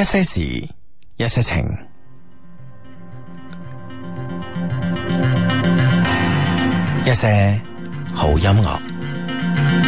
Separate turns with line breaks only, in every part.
一些事，一些情，一些好音樂。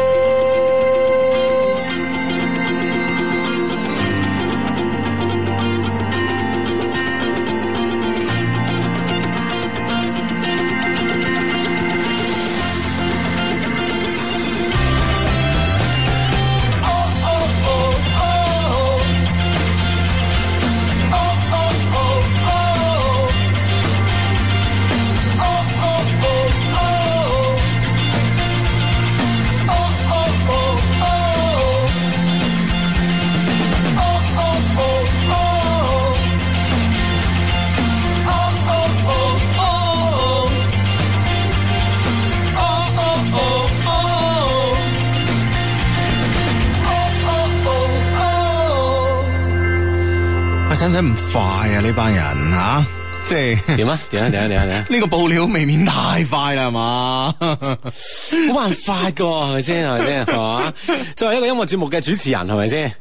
使唔使咁快啊？呢班人啊，即係點啊？點啊？點啊？點啊？呢個爆料未免太快啦，係嘛？ 冇辦法噶，係咪先？係咪先？係嘛？作為一個音樂節目嘅主持人，係咪先？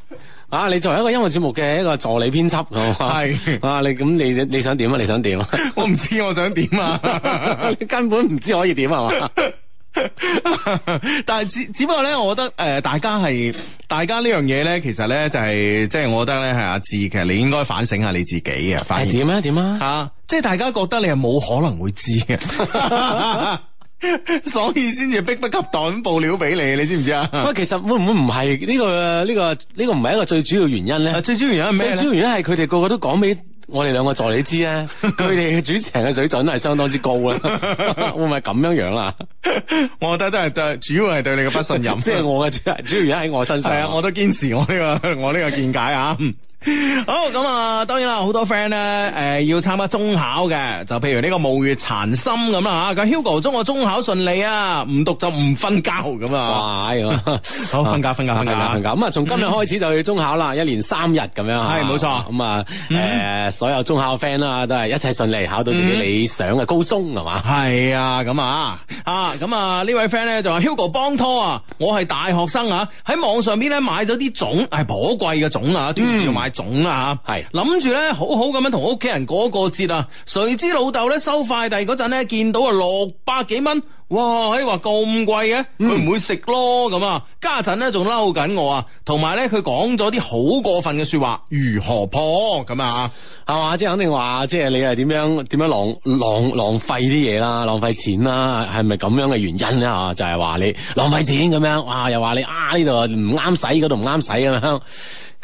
啊，你作為一個音樂節目嘅一個助理編輯，係嘛？啊， 你咁你你想點啊？你想點啊？ 我唔知我想點啊， 啊，你根本唔知可以點啊嘛？ 但係只只不過咧，我覺得誒、呃，大家係大家呢樣嘢咧，其實咧就係即係我覺得咧係阿志，其實你應該反省下你自己反、哎、啊。點啊點啊吓，即係大家覺得你係冇可能會知
嘅，
所以先至逼不及待咁爆料俾你，你知唔知啊？喂，其實會唔會唔係呢個呢、呢個呢、呢個唔係一個最主要原因咧？最主要原因係咩，最主要原因係佢哋個個都講俾。我哋兩個助理知啊，佢哋嘅主持人嘅水準都係相當之高啊， 會唔會咁樣樣啊？ 我覺得都係對，主要係對你嘅不信任。即係 我嘅主，主要而家喺我身上。 啊，我都堅持我呢個，我呢個見解啊。 好咁啊，當然啦，好多 friend 咧，誒，要參加中考嘅，就譬如呢個暮月殘心咁啊吓。咁 Hugo 祝我中考順利啊，唔讀就唔瞓覺咁啊。哇，好瞓覺，瞓覺，瞓覺，瞓覺。咁啊，從今日開始就要中考啦，一連三日咁樣。係，冇錯。咁啊，誒，所有中考 friend 啦，都係一切順利，考到自己理想嘅高中係嘛？係啊，咁啊，啊，咁啊呢位 friend 咧就話 Hugo 幫拖啊，我係大學生啊，喺網上邊咧買咗啲種，係寶貴嘅種啊，斷斷續續買。種啦係諗住咧好好咁樣同屋企人過個節啊。誰知老豆咧收快遞嗰陣咧見到啊六百幾蚊，哇！哎話咁貴嘅，佢唔會食咯咁啊。家陣咧仲嬲緊我啊，同埋咧佢講咗啲好過分嘅說話，如何破咁啊？係嘛？嗯，即係、就是、肯定話，即、就、係、是、你係點樣點樣浪浪浪費啲嘢啦，浪費錢啦、啊，係咪咁樣嘅原因咧啊？就係、是、話你浪費錢咁樣，哇！又話你啊呢度啊，唔啱使，嗰度唔啱使咁樣。啊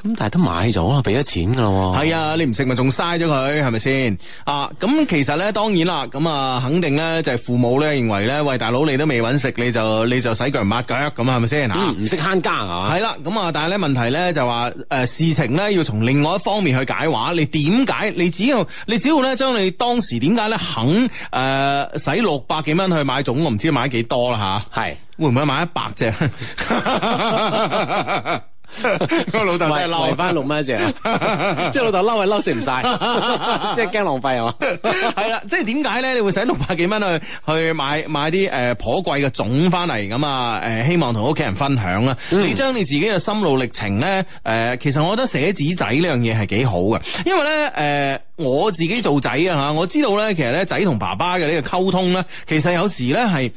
咁但係都買咗，俾咗錢噶咯，啊。係啊，你唔食咪仲嘥咗佢，係咪先？啊，咁，啊，其實咧，當然啦，咁啊，肯定咧就係、是、父母咧認為咧，喂，大佬你都未揾食，你就你就洗腳抹腳咁，係咪先？嗯、啊，唔識慳家啊。係啦，咁啊，但係咧問題咧就話誒、呃，事情咧要從另外一方面去解話，你點解？你只要你只要咧將你當時點解咧肯誒使六百幾蚊去買種，我唔知買幾多啦吓。係、啊、是會唔會買一百隻？ 個 老豆真係嬲，翻六蚊一隻， 即係老豆嬲係嬲食唔晒， 即係驚浪費係嘛？係啦，即係點解咧？你會使六百幾蚊去去買買啲誒，頗貴嘅種翻嚟，咁啊誒，希望同屋企人分享啦。嗯、你將你自己嘅心路歷程咧，誒、呃，其實我覺得寫紙仔呢樣嘢係幾好嘅，因為咧誒、呃，我自己做仔啊吓，我知道咧，其實咧仔同爸爸嘅呢個溝通咧，其實有時咧係。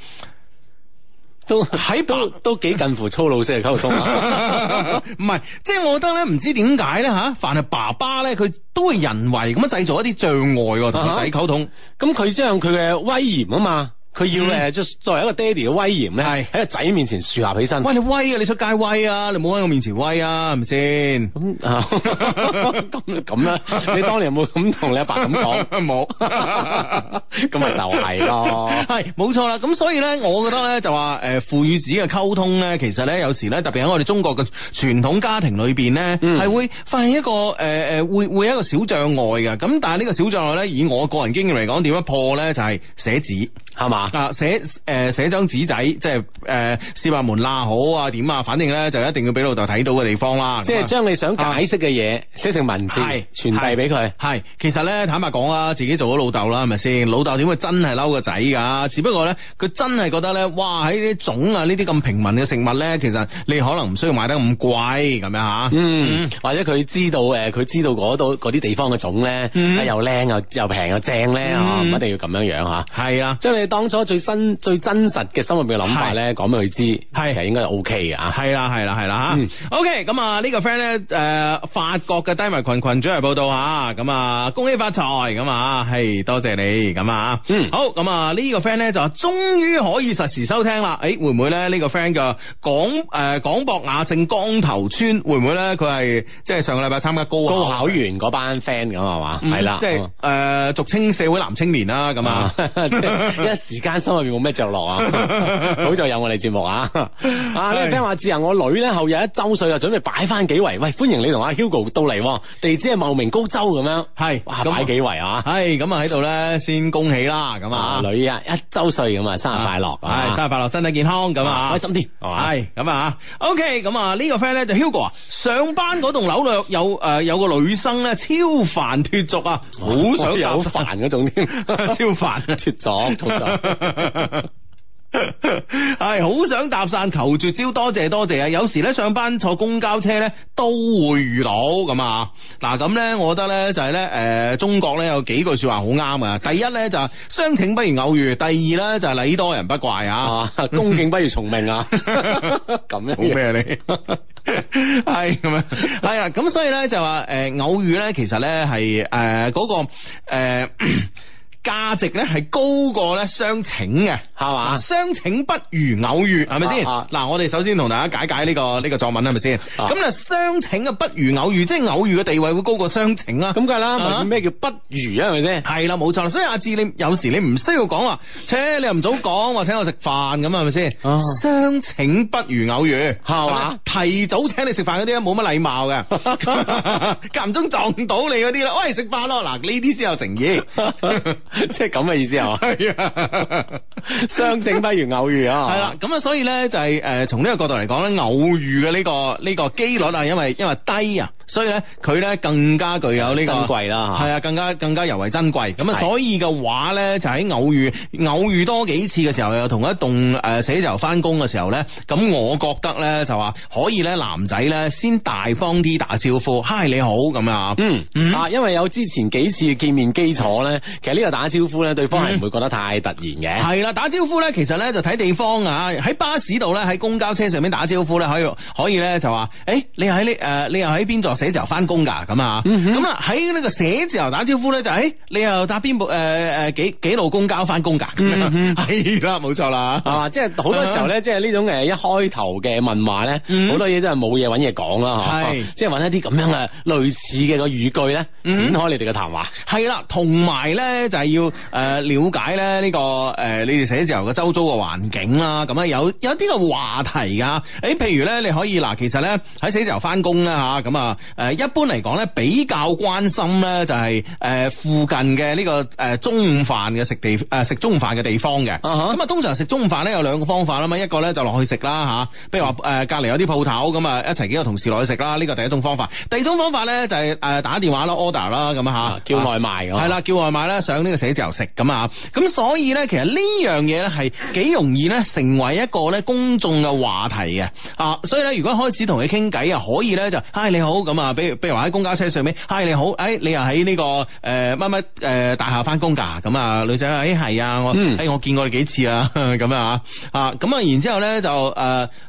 都喺都都幾近乎粗魯式嘅溝通，唔係，即係我覺得咧，唔知點解咧吓，凡係爸爸咧，佢都會人為咁樣製造一啲障礙，同佢仔溝通，咁佢將佢嘅威嚴啊嘛。佢要咧，作為一個爹地嘅威嚴咧，喺、嗯、個仔面前樹立起身。喂，你威啊！你出街威啊！你唔好喺我面前威啊！係咪先？咁咁咁咧？你當年有冇咁同你阿爸咁講？冇沒。咁 咪 就係咯。係冇 錯啦。咁所以咧，我覺得咧就話誒父與子嘅溝通咧，其實咧有時咧，特別喺我哋中國嘅傳統家庭裏邊咧，係、嗯、會發現一個誒誒、呃、會會有一個小障礙嘅。咁但係呢個小障礙咧，以我個人經驗嚟講，點樣破咧？就係、是、寫字。係嘛？啊，寫誒寫張紙仔，即係誒，四百門啦好啊，點啊，反正咧就一定要俾老豆睇到嘅地方啦。即係將你想解釋嘅嘢寫成文字，係傳遞俾佢。係，其實咧坦白講啊，自己做咗老豆啦，係咪先？老豆點會真係嬲個仔噶？只不過咧，佢真係覺得咧，哇！喺呢啲種啊，呢啲咁平民嘅食物咧，其實你可能唔需要買得咁貴，咁樣吓。嗯。或者佢知道誒，佢知道嗰度嗰啲地方嘅種咧，又靚又又平又正咧，唔一定要咁樣樣吓。係啊，將你。當初最新最真實嘅心入嘅諗法咧，講俾佢知，其實應該係 O K 嘅啊。係啦，係啦，係啦嚇。O K，咁啊呢個 friend 咧，誒法國嘅低迷群群主嚟報道嚇，咁啊恭喜發財咁啊，係多謝你咁啊。嗯，好，咁啊呢個 friend 咧就話終於可以實時收聽啦。誒會唔會咧呢個 friend 就廣誒廣博雅正江頭村會唔會咧？佢係即係上個禮拜參加高考完嗰班 friend 咁係嘛？係啦，即係誒俗稱社會男青年啦咁啊。一時間心入邊冇咩着落啊！好在有我哋節目啊！啊，呢個 friend 話，之後我女咧後日一周歲啊，準備擺翻幾圍。喂，歡迎你同阿 Hugo 到嚟，地址係茂名高州咁樣。係，擺幾圍啊？係，咁啊喺度咧先恭喜啦，咁啊女啊一周歲咁啊生日快樂，生日快樂，身體健康咁啊開心啲，係咁啊。OK，咁啊呢個 friend 咧就 Hugo 啊，上班嗰棟樓度有誒有個女生咧超凡脱俗啊，好想搭好煩種添，超凡脱俗。係 好 想搭訕，求絕招，多謝多謝啊！有時咧上班坐公交車咧都會遇到咁啊！嗱咁咧，我覺得咧就係、是、咧，誒、呃，中國咧有幾句說話好啱啊。第一咧就係相請不如偶遇，第二咧就係、是、禮多人不怪啊，啊恭敬不如從命啊。咁好咩你？係 咁樣，係啊。咁、 啊、所以咧就話，誒、呃，偶遇咧其實咧係誒嗰個誒。呃呃呃價值咧係高過咧相請嘅，係嘛吧？相請不如偶遇，係咪先？嗱、啊啊，我哋首先同大家解解呢、這個呢、這個作文係咪先？咁啊，相請啊不如偶遇，即係偶遇嘅地位會高過相請啦，咁梗係啦。咩、啊、叫不如啊？係咪先？係啦，冇錯啦。所以阿志，你有時你唔需要講話，切，你又唔早講話，請我食飯咁係咪先？相請、啊、不如偶遇，係嘛？啊、提早請你食飯嗰啲冇乜禮貌嘅，間唔中撞到你嗰啲啦，喂，食飯咯，嗱，呢啲先有誠意。 即係咁嘅意思係嘛？係啊，相敬不如偶遇啊！係啦， 咁啊，所以咧就係、是、誒，從、呃、呢個角度嚟講咧，偶遇嘅呢、這個呢、這個機率啊，因為因為低啊。所以咧，佢咧更加具有呢、這個珍貴啦，嚇，係啊，更加更加尤為珍貴。咁啊的，所以嘅話咧，就喺、是、偶遇偶遇多幾次嘅時候，又同一棟誒、呃、寫字樓翻工嘅時候咧，咁我覺得咧就話可以咧，男仔咧先大方啲打招呼，嗨你好咁啊、嗯，嗯啊，因為有之前幾次嘅見面基礎咧，其實呢個打招呼咧，對方係唔會覺得太突然嘅。係啦、嗯，打招呼咧，其實咧就睇地方啊，喺巴士度咧，喺公交車上面打招呼咧，可以可以咧就話，誒、hey, 你，你又喺呢誒你又喺邊座？寫字樓翻工噶咁啊，咁啊喺呢個寫字樓打招呼咧，就誒、是欸、你又搭邊部誒誒、呃、幾幾路公交翻工噶，係啦冇錯啦， 錯啊即係好多時候咧，即係呢種誒一開頭嘅問話咧，好、嗯、多嘢都係冇嘢搵嘢講啦，吓對，即係搵一啲咁樣嘅類似嘅個語句咧，展開你哋嘅談話，係啦、嗯，同埋咧就係、是、要誒了解咧、這、呢個誒、呃、你哋寫字樓嘅周遭嘅環境啦，咁啊有有啲嘅話題噶，誒譬如咧你可以嗱，其實咧喺寫字樓翻工啦吓，咁、嗯、啊。誒一般嚟講咧，比較關心咧就係、是、誒、呃、附近嘅呢、這個誒、呃、中午飯嘅食地誒、呃、食中午飯嘅地方嘅。咁啊、uh，huh. 通常食中午飯咧有兩個方法啦嘛，一個咧就落去食啦嚇，譬如話誒隔離有啲鋪頭咁啊，呃、一齊幾個同事落去食啦，呢、這個第一種方法。第二種方法咧就係、是、誒、呃、打電話攞 order 啦、啊，咁吓，叫外賣㗎。係啦，叫外賣啦，上呢個寫字樓食咁嚇。咁所以咧，其實呢樣嘢咧係幾容易咧成為一個咧公眾嘅話題嘅。啊，所以咧、啊、如果開始同佢傾偈啊，可以咧就嗨、哎、你好咁。啊，比如比如話喺公交車上面，嗨，你好，誒你又喺呢個誒乜乜誒大廈翻工噶，咁啊女仔，誒係啊，我嗯，誒我見過你幾次 啊，咁啊、呃、啊，咁啊然之後咧就誒，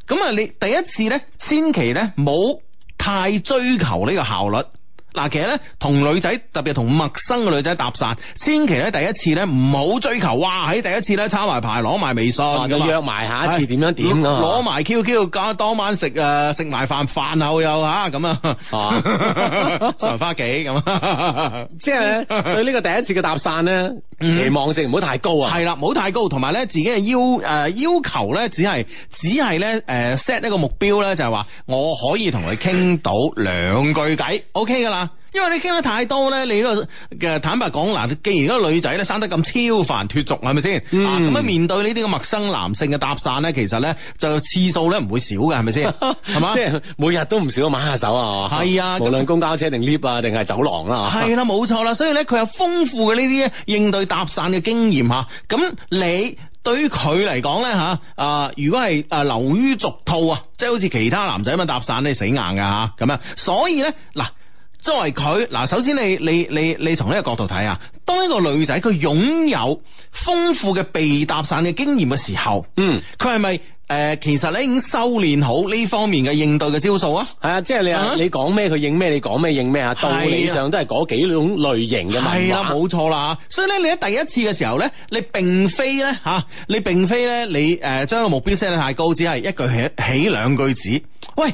咁啊你第一次咧千祈咧冇太追求呢個效率。嗱，其實咧，同女仔，特別同陌生嘅女仔搭訕，千祈咧第一次咧唔好追求，哇！喺第一次咧，抄埋牌攞埋微信，咁約埋下一次點、哎、樣點咯、啊，攞埋 QQ，加當晚食誒食埋飯，飯、啊、後又吓咁啊，上翻屋企咁啊，即係咧對呢個第一次嘅搭訕咧， 期望值唔好太高啊，係啦、嗯，唔好太高，同埋咧自己嘅要誒、呃、要求咧，只係只係咧誒 set 呢個目標咧，就係、是、話我可以同佢傾到兩句偈，OK 噶啦。因為你傾得太多咧，你呢個嘅，坦白講，嗱，既然嗰個女仔咧生得咁超凡脫俗，係咪先？嗯、啊，咁樣面對呢啲嘅陌生男性嘅搭訕咧，其實咧就次數咧唔會少嘅，係咪先？係嘛？ 即係每日都唔少挽下手啊！係啊，無論公交車定 lift 啊，定係走廊啊，係啦、啊，冇錯啦。所以咧，佢有豐富嘅呢啲應對搭訕嘅經驗吓。咁、啊、你對於佢嚟講咧吓，啊，如果係啊流於俗套啊，即、就、係、是、好似其他男仔咁樣搭訕咧死硬嘅吓，咁、啊、樣、啊。所以咧，嗱、啊。啊啊啊啊啊啊作為佢嗱，首先你你你你從呢個角度睇啊，當一個女仔佢擁有豐富嘅被搭訕嘅經驗嘅時候，嗯，佢係咪誒其實你已經修煉好呢方面嘅應對嘅招數啊？係啊，即係你、啊、你講咩佢應咩，你講咩應咩啊？道理上都係嗰幾種類型嘅問題。係啦、啊，冇錯啦。所以咧，你喺第一次嘅時候咧，你並非咧嚇、啊，你並非咧你誒、呃、將個目標 set 得太高，只係一句起，起兩句子，喂。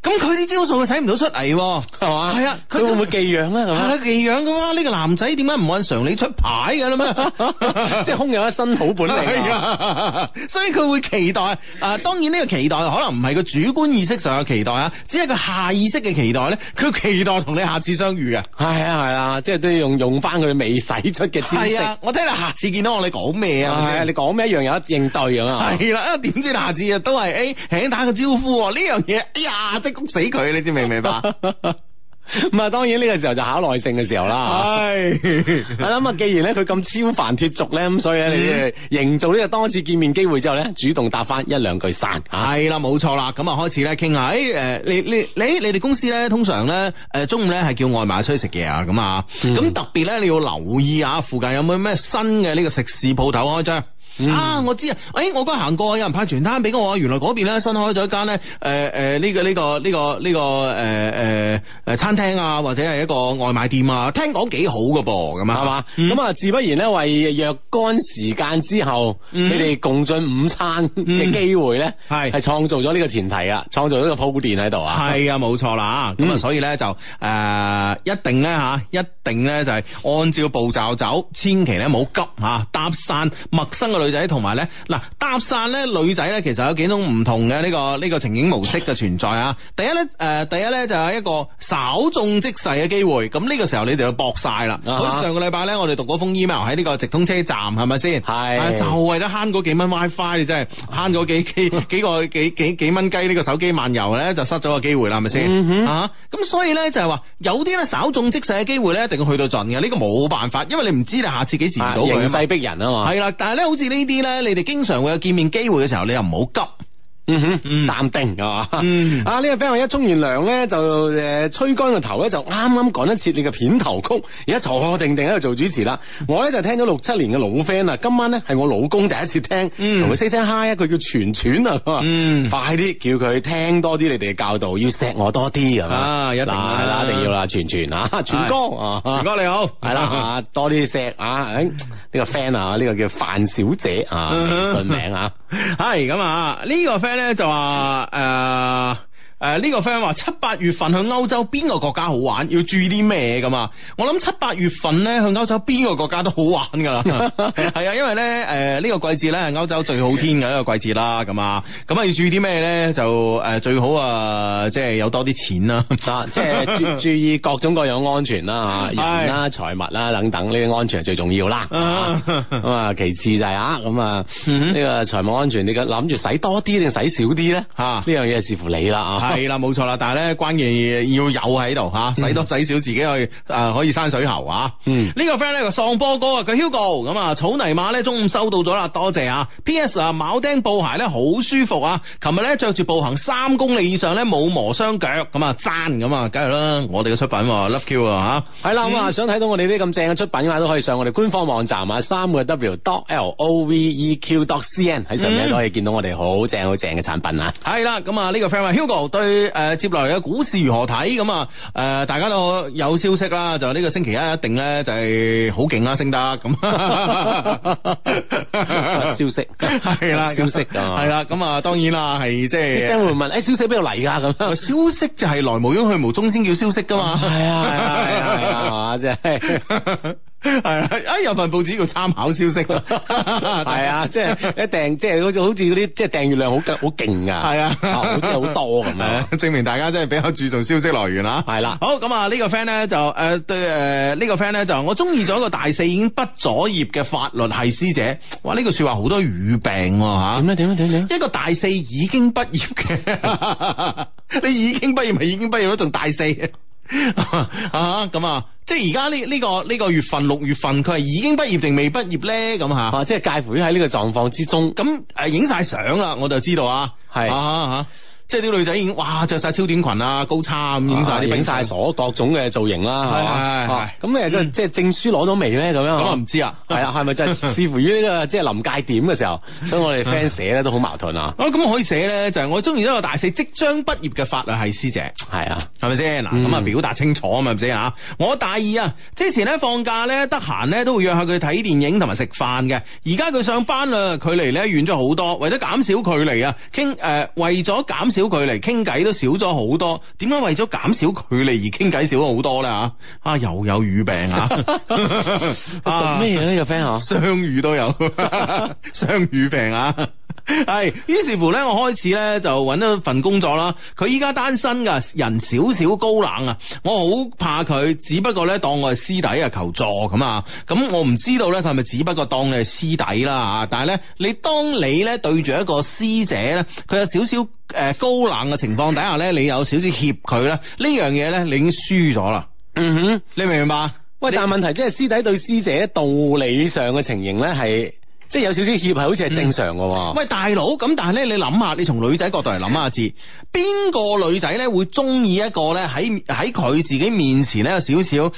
咁佢啲招數佢使唔到出嚟，係嘛吧？係啊，佢仲唔會寄養咧？係咪、啊？係寄養噶嘛？呢、這個男仔點解唔按常理出牌嘅咧、啊？咩？ 即係空有，一身好本嚟領、啊。啊、所以佢會期待啊！當然呢個期待可能唔係個主觀意識上嘅期待啊，只係個下意識嘅期待咧。佢期待同你下次相遇啊，係啊係啊，即係都要用用翻佢未使出嘅招式。係啊，我聽你下次見到我，你講咩啊？係啊，你講咩一樣有得應對咁啊？係啦、啊，點知下次啊都係誒，請、哎、打個招呼呢、啊、樣嘢。哎呀！焗死佢，你知明唔明白？咁啊，當然呢個時候就考耐性嘅時候啦。係， 係啦。咁啊，既然咧佢咁超凡脫俗咧，咁所以咧，你營造呢個多次見面機會之後咧，主動答翻一兩句散。係啦， 冇錯啦。咁啊，開始咧傾下。誒，誒，你你你你哋公司咧，通常咧，誒中午咧係叫外賣出去食嘢啊，咁啊，咁特別咧，你要留意下附近有冇咩新嘅呢個食肆鋪頭開張。嗯、啊，我知啊，誒、哎，我嗰日行過，有人派傳單俾我，原來嗰邊咧新開咗一間咧，誒、呃、誒，呢、呃這個呢、這個呢、這個呢個誒誒誒餐廳啊，或者係一個外賣店啊，聽講幾好噶噃，咁啊，係嘛，咁啊、嗯，自不然咧為若干時間之後，嗯、你哋共進午餐嘅機會咧，係係創造咗呢個前提啊，創造咗個鋪墊喺度啊，係啊，冇錯啦，咁啊、 嗯，所以咧就誒一定咧吓，一定咧就係按照步驟走，千祈咧唔好急吓，搭訕陌生嘅女。女仔同埋咧，嗱搭訕咧，女仔咧，其實有幾種唔同嘅呢、這個呢、這個情景模式嘅存在啊。第一咧，誒、呃，第一咧就係一個稍縱即逝嘅機會。咁呢個時候你哋要搏晒啦。好似、uh huh. 上個禮拜咧，我哋讀封 email 喺呢個直通車站，係咪先？係、uh huh. 就為咗慳嗰幾蚊 wifi，你真係慳咗幾幾幾個幾幾幾蚊雞呢個手機漫遊咧，就失咗個機會啦，係咪先？啊、uh，咁、huh. uh huh. 所以咧就係、是、話，有啲咧稍縱即逝嘅機會咧，一定要去到盡嘅。呢、這個冇辦法，因為你唔知你下次幾時遇到。形勢逼人啊嘛。係啦吧，但係咧好似呢。呢啲咧，你哋經常會有見面機會嘅時候，你又唔好急。嗯哼，淡定，㗎嘛。啊，呢個 friend 一沖完涼咧，就誒吹乾個頭咧，就啱啱講一次你嘅片頭曲，而家坐定定喺度做主持啦。我咧就聽咗六七年嘅老 friend 啊，今晚咧係我老公第一次聽，同佢 say 聲 hi，佢叫全全啊，咁啊，快啲叫佢聽多啲你哋嘅教導，要錫我多啲咁啊。一定係啦，一定要啦，全全啊，全哥啊，全哥你好，係啦，多啲錫啊，呢個 friend 啊，呢個叫范小姐啊，微信名啊，係咁啊，呢個 friend。咧就話誒。誒，呢、啊這個 friend 話七八月份去歐洲邊個國家好玩，要注意啲咩咁啊？我諗七八月份咧去歐洲邊個國家都好玩噶啦，係啊， 啊，因為咧誒呢、呃這個季節咧係歐洲最好天嘅一個季節啦，咁啊，咁啊要注意啲咩咧？就誒、呃、最好啊，即、就、係、是、有多啲錢啦，即係注意各種各樣安全啦、啊，人啦、財 物啦等等呢啲安全係最重要啦，咁 啊其次就係啊咁啊呢個財務安全，你嘅諗住使多啲定使少啲咧？吓呢樣嘢係視乎你啦啊！啊。係啦，冇錯啦，但係咧關鍵要有喺度吓，嗯、使多使少自己去誒、呃，可以山水喉吓。呢、啊嗯、個 friend 咧個喪波哥佢 Hugo 咁啊，草泥馬咧中午收到咗啦，多謝啊。P.S. 啊，鉚釘布鞋咧好舒服啊，琴日，咧着住步行三公里以上咧冇磨雙腳咁啊，讚，咁啊，梗係啦，我哋嘅出品 Love Q 啊吓。係啦咁啊，想睇到我哋啲咁正嘅出品啊，都、嗯啊嗯、可以上我哋官方網站啊，三個 W dot L O V E Q dot C N 喺上面都可以見到我哋好正好正嘅產品啊。係啦，咁啊呢個 friend Hugo。對誒，接落嚟嘅股市如何睇咁啊？誒，大家都有消息啦，就呢個星期一一定咧就係好勁啦，升得咁消息係啦，消息係啦，咁啊當然啦，係即係問誒，消息邊度嚟噶咁？消息就係來無影去無蹤先叫消息噶嘛？係啊，係啊，係啊，係啊，即係。係啊！啊 有份報紙叫參考消息， 係 啊，即、就、係、是、一訂，即、就、係、是、好似好似啲，即、就、係、是、訂閱量、 uh, 好勁，好勁噶，係啊，好似好多咁樣，證明大家真係比較注重消息來源 啊。係啦，好咁啊，呢、呃呃這個 friend 咧就誒對誒呢個 friend 咧就我中意咗個大四已經畢咗業嘅法律系師姐，哇！呢句說話好多語病吓。點樣點樣點樣！一個大四已經畢業嘅， 你已經畢業咪已經畢業咯，仲大四咁 啊！即係而家呢呢個呢個月份、六月份，佢係已經畢業定未畢業呢？咁嚇，啊、即係介乎於喺呢個狀況之中。咁誒、啊，影晒相啦，我就知道是啊，係嚇嚇即係啲女仔已經哇著曬超短裙啊、高叉咁影曬啲影曬鎖各種嘅造型啦，係嘛？咁誒，嗰即係證書攞咗未咧？咁樣咁啊唔知啊，係啊，係咪就係視乎於呢個即係臨界點嘅時候，所以我哋 friend 寫咧都好矛盾啊！啊，咁可以寫咧，就係我中意一個大四即將畢業嘅法律系師姐，係啊，係咪先嗱？咁啊，表達清楚啊嘛，唔知嚇？我大二啊，之前咧放假咧得閒咧都會約下佢睇電影同埋食飯嘅，而家佢上班啦，距離咧遠咗好多，為咗減少距離啊，傾誒為咗減。少距離傾偈都少咗好多，點解為咗減少距離而傾偈少咗好多咧？吓啊又有語病啊？啊咩嘢咧？個 friend 啊？雙語 都有，雙 語病啊？係，於 是，是乎咧，我開始呢就揾咗份工作啦。佢依家單身噶，人少少高冷啊，我好怕佢。只不過呢當我係師弟啊求助咁啊，咁我唔知道呢，佢係咪只不過當你係師弟啦？但係呢，你當你呢對住一個師姐呢，佢有少少誒高冷嘅情況底下呢，你有少少怯佢咧，呢樣嘢呢，你已經輸咗啦。嗯哼，你明唔明白？喂，你但係問題即係師弟對師姐，道理上嘅情形呢係。即係有少少怯係，好似係正常嘅喎、嗯。喂，大佬咁，但係咧，你諗下，你從女仔角度嚟諗下字，邊個女仔咧會中意一個咧喺喺佢自己面前咧有少少誒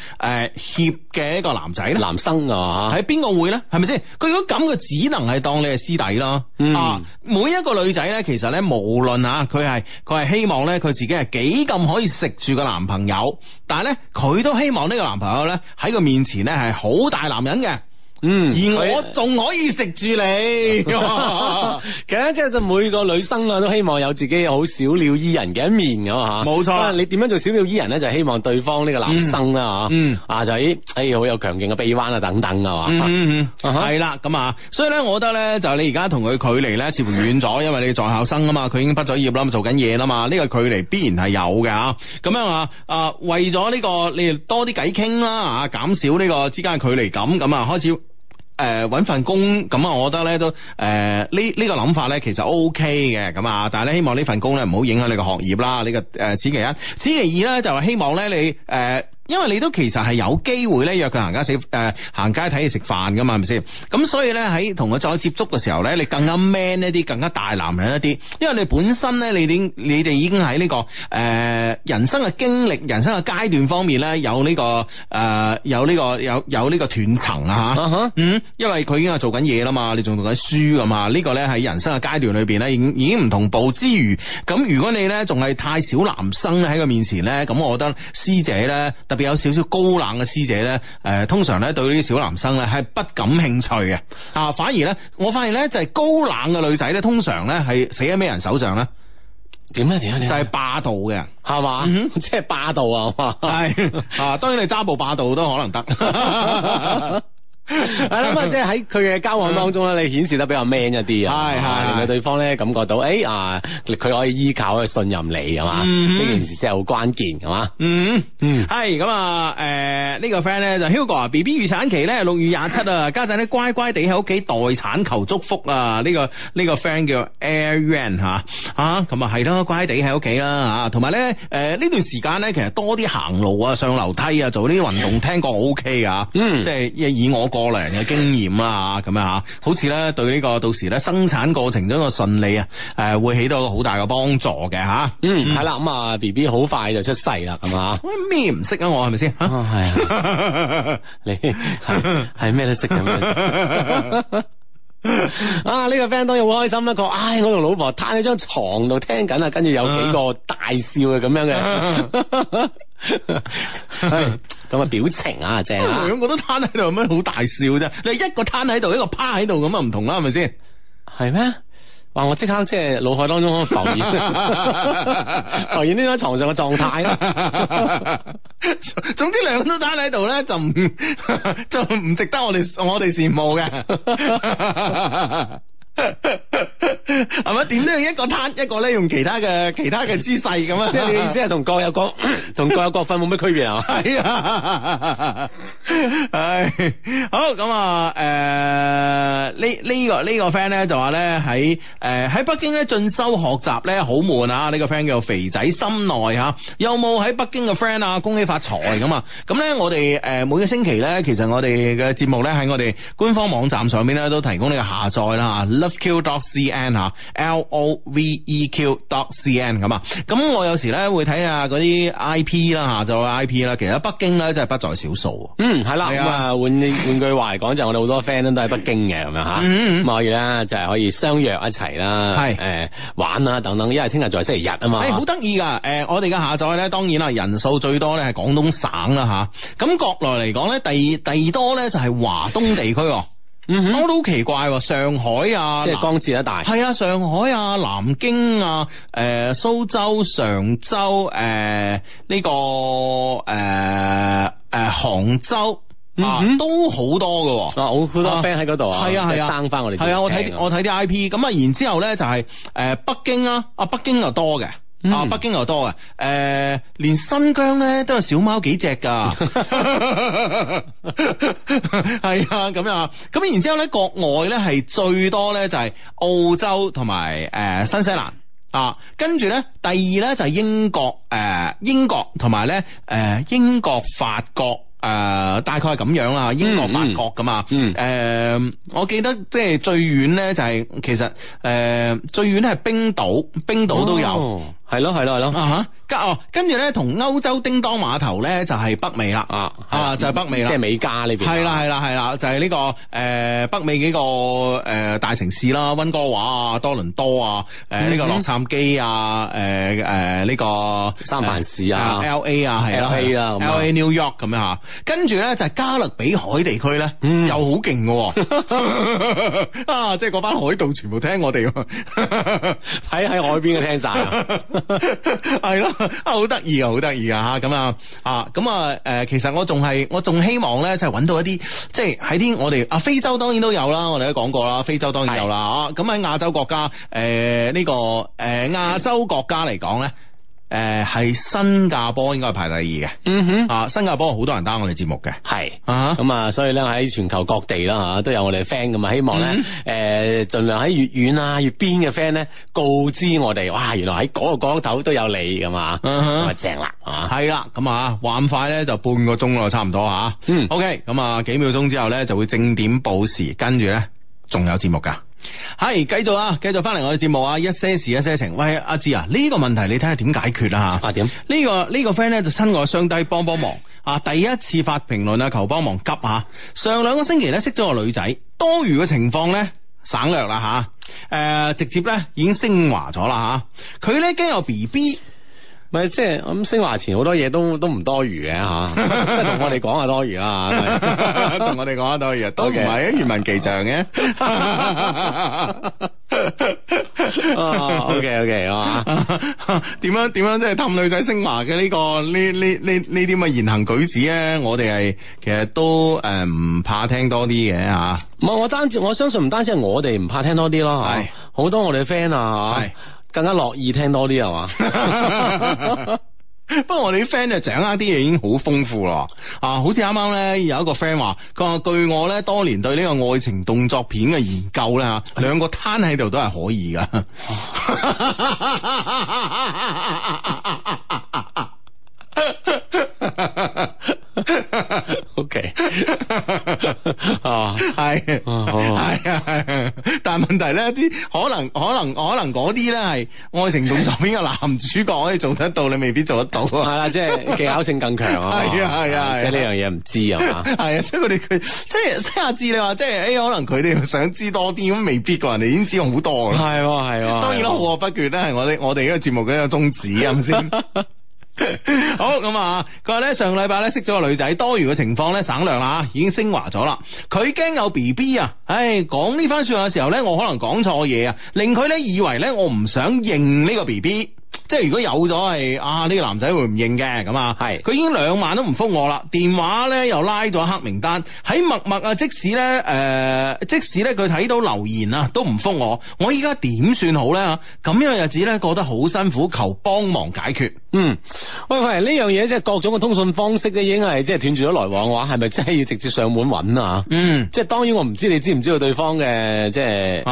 怯嘅一個男仔咧？男生啊，喺邊個會咧？係咪先？佢如果咁佢只能係當你係師弟咯。嗯、啊，每一個女仔咧，其實咧，無論啊，佢係佢係希望咧，佢自己係幾咁可以食住個男朋友，但係咧，佢都希望呢個男朋友咧喺佢面前咧係好大男人嘅。嗯，而我仲可以食住你、 啊，其實即係每個女生啊都希望有自己好小鳥依人嘅一面嘅吓，冇錯錯。你點樣做小鳥依人咧？就係、希望對方呢個男生啦吓，啊、嗯嗯、就喺哎好有強勁嘅臂彎啊等等嘅嘛，係啦咁啊。所以咧，我覺得咧就你而家同佢距離咧似乎遠咗，因為你在校生啊嘛，佢已經畢咗業啦，咁做緊嘢啦嘛，呢、這個距離必然係有嘅啊。咁樣啊，啊為咗呢、這個你多啲偈傾啦啊，減少呢個之間嘅距離感，咁啊開始。誒，搵、呃、份工咁啊，我覺得咧都誒呢、呃這個、呢個諗法咧其實 O K 嘅，咁啊，但係咧希望呢份工咧唔好影響你個學業啦，呢個誒，此其一，此其二咧就係、是、希望咧你誒。呃因為你都其實係有機會咧約佢行街食誒行街睇嘢食飯噶嘛，係咪先？咁所以咧喺同佢再接觸嘅時候咧，你更加 man 一啲，更加大男人一啲。因為你本身咧，你點你哋已經喺呢、這個誒人生嘅經歷、人生嘅階段方面咧，有呢、這個誒、呃、有呢、這個有有呢個斷層啊嚇。Uh huh. 嗯，因為佢已經係做緊嘢啦嘛，你仲讀緊書噶嘛，這個、呢個咧喺人生嘅階段裏邊咧，已經已經唔同步之餘，咁、嗯、如果你咧仲係太少男生喺佢面前咧，咁我覺得師姐咧特有少少高冷嘅師姐咧，誒、呃，通常咧對呢啲小男生咧係不感興趣嘅，啊，反而咧我發現咧就係、是、高冷嘅女仔咧，通常咧係死喺咩人手上咧？點咧、啊？點咧、啊吧嗯？就係、是、霸道嘅，係嘛？即係霸道啊！係啊，當然你揸部霸道都可能得。 係啦，咁啊，即係喺佢嘅交往當中咧，你顯示得比較 man 一啲啊，令到 對方咧感覺到，誒、哎、啊，佢可以依靠、可以信任你，係嘛？呢件事真係好關鍵，係嘛？嗯嗯，係咁啊，誒，呃這個、呢個 friend 咧就 Hugo 啊，B B 預產期咧六月廿七啊，家陣咧乖乖地喺屋企待產求祝福啊，呢、這個呢、這個 friend 叫 Aaron 吓、啊，啊，咁啊係啦，乖、就是、乖地喺屋企啦，吓、啊，同埋咧，誒、呃，呢段時間咧，其實多啲行路啊，上樓梯啊，做呢啲運動，聽講 O K 噶，啊、嗯，即係以我講。過來人嘅經驗啦吓，咁啊，好似咧對呢、這個到時咧生產過程中個順利啊，誒，會起到好大嘅幫助嘅吓。嗯，係啦、嗯，咁啊，B B 好快就出世啦，咁啊，咩唔識啊？我係咪先？係啊，你係係咩都識啊？啊，呢個 friend 當然好開心啦，個，唉，我同老婆攤喺張床度聽緊啊，跟住有幾個大笑嘅咁樣嘅。 咁嘅、 哎、表情啊，正啊、 嗯！兩個都攤喺度，有咩好大笑啫？你一個攤喺度，一個趴喺度，咁啊唔同啦，係咪先？係咩？哇！我即刻即係腦海當中浮現，浮現呢張床上嘅狀態咯。 總之，兩個都攤喺度咧，就唔就唔值得我哋我哋羨慕嘅。 係咪？點 都要一個攤，一個咧用其他嘅其他嘅姿勢咁啊！即係你意思係同各有各，同各有各分，冇咩區別啊？係、 哎、啊，係好咁啊！誒、這個，呢呢個呢個 friend 咧就話咧喺誒喺北京咧進修學習咧好悶啊！呢個 friend 叫做肥仔心內吓，有冇喺北京嘅 friend 啊？恭喜發財咁啊！咁咧我哋誒每個星期咧，其實我哋嘅節目咧喺我哋官方網站上邊咧都提供呢個下載啦吓。loveq.dot.cn 嚇，loveq.dot.cn 咁啊，咁、e、我有時咧會睇下嗰啲 IP 啦嚇，就 IP 啦，其實北京咧真係不在少數，嗯，係啦，咁啊的、嗯、換換句話嚟講就係我哋好多 friend 都喺北京嘅咁樣嚇，嗯嗯，可以啦，就係可以相約一齊啦，係誒是玩啊等等，因為聽日就係星期日啊嘛。好得意㗎，誒我哋嘅下載咧當然啦，人數最多咧係廣東省啦嚇，咁國內嚟講咧第二第二多咧就係華東地區。 我都好奇怪喎，上海啊，即係江浙一帶，係啊， 上海啊、南京啊、誒、呃、蘇州、常州誒呢個誒誒、呃呃呃、杭州，啊、都
好多㗎，啊，好多 friend 喺嗰度啊，係啊係啊，down 翻我哋係啊，我
睇我睇啲 IP，咁啊，然之後咧就係誒北京啊，啊北京又多嘅。啊！北京又多嘅，誒、呃，連新疆咧都有小貓幾隻噶，係 啊，咁樣，咁然之後咧，國外咧係最多咧就係澳洲同埋誒新西蘭啊，跟住咧第二咧就係、是、英國，誒、呃、英國同埋咧誒英國法國誒、呃，大概係咁樣啦，英國法國噶嘛，誒、嗯嗯呃，我記得即係最遠咧就係、是、其實誒、呃、最遠咧係冰島，冰島都有。哦。係咯，係咯，係咯，啊哈！對跟哦，跟住咧，同歐洲叮噹碼頭咧對，就係、是、北美啦，啊啊，就係北美啦，即係美加呢邊，係啦，係啦，係啦，就係呢個誒北美幾個誒大城市啦，溫哥華啊，多倫多啊，誒、這、呢個洛杉磯、這個這個、啊，誒誒呢個三藩市啊，L A 啊，係啦，L A 啦，L A New York 咁樣嚇。跟住咧就係加勒比海地區咧，又好勁嘅，啊！即係嗰班海盜全部聽我哋，睇 喺海邊嘅聽晒。係咯， 好得意啊，好得意噶吓，咁啊，啊，咁啊，誒、呃，其實我仲係，我仲希望咧，就係揾到一啲，即係喺啲我哋啊，非洲當然都有啦，我哋都講過啦，非洲當然有啦，的啊，咁喺亞洲國家，誒、呃，呢個誒呃亞洲國家嚟講咧。誒，係、呃、新加坡應該係排第二嘅。嗯哼，啊，新加坡好多人打我哋節目嘅，係是。啊、uh，咁、huh. 啊，所以咧喺全球各地啦，吓、啊、都有我哋嘅 friend 咁啊，希望咧，誒、uh，盡、huh. 啊、量喺越遠啊越邊嘅 friend 咧告知我哋，哇，原來喺嗰個角落都有你嘛，咁啊、uh，咁啊，正啦。啊，係啦，咁啊，話咁快咧就半個鐘咯，差唔多吓。啊、嗯。O K，咁啊，幾秒鐘之後咧就會正點報時，跟住咧仲有節目噶。係繼續啊，繼續翻嚟我哋節目啊，一些事一些情。喂，阿芝啊，呢、啊，這個問題你睇下點解決啦吓？啊點？啊，這個這個、呢個呢個 friend 咧就親愛，上帝幫幫忙啊！第一次發評論啊，求幫忙急啊！上兩個星期咧識咗個女仔，多餘嘅情況咧省略啦吓。誒、啊呃，直接咧已經升華咗啦吓。佢咧驚有 B B。咪，係即係咁升華前好多嘢都都唔多餘嘅嚇，同我哋講下多餘啦，同我哋講下多餘，都唔係啲愚民技杖嘅。哦，OK OK，好嘛？點樣點樣即係氹女仔升華嘅呢個呢呢呢呢啲咁言行舉止咧？我哋係其實都誒唔怕聽多啲嘅嚇。唔係我單，我相信唔單止係我哋唔怕聽多啲咯嚇。係好多我哋 friend 啊嚇。更加樂意聽多啲係嘛？ 不過我哋啲 friend 就掌握啲嘢已經好豐富咯啊！ 好似啱啱咧有一個 friend 話，佢話據我咧多年對呢個愛情動作片嘅研究啦吓，兩個攤喺度都係可以㗎。 OK，係，
係啊，係。
但係問題咧，啲可能，可能，可能嗰啲咧係愛情動作片嘅男主角可以做得到，你未必做得到。係啦，即係技巧性更強。係啊，係啊，即係呢樣
嘢唔知啊嘛。
係啊，所以佢哋佢即係聽下知你話，即係誒，可能佢哋想知多啲，咁未必過人哋已經知好多。係啊，係當然啦，不絕咧係我哋我哋呢個節目嘅一個宗旨咁先？ 好咁啊！佢話咧上個禮拜咧識咗個女仔，多餘嘅情況咧省略啦。已經升華咗啦。佢驚有 B B 啊，唉，講呢番說話嘅時候咧，我可能講錯嘢啊，令佢咧以為咧我唔想認呢個 B B，即係如果有咗係啊呢、個男仔會唔認嘅咁啊。係佢是已經兩晚都唔覆我啦，電話咧又拉咗黑名單，喺默默啊、呃，即使咧誒、呃，即使咧佢睇到留言啊都唔覆我，我依家點算好咧？咁樣嘅日子咧過得好辛苦，求幫忙解決。嗯，喂喂，呢樣嘢即係各種嘅通訊方式咧，已經係即係斷絕咗來往嘅話，係咪真係要直接上門揾啊？嗯，即係當然我唔知你知唔知道對方嘅即係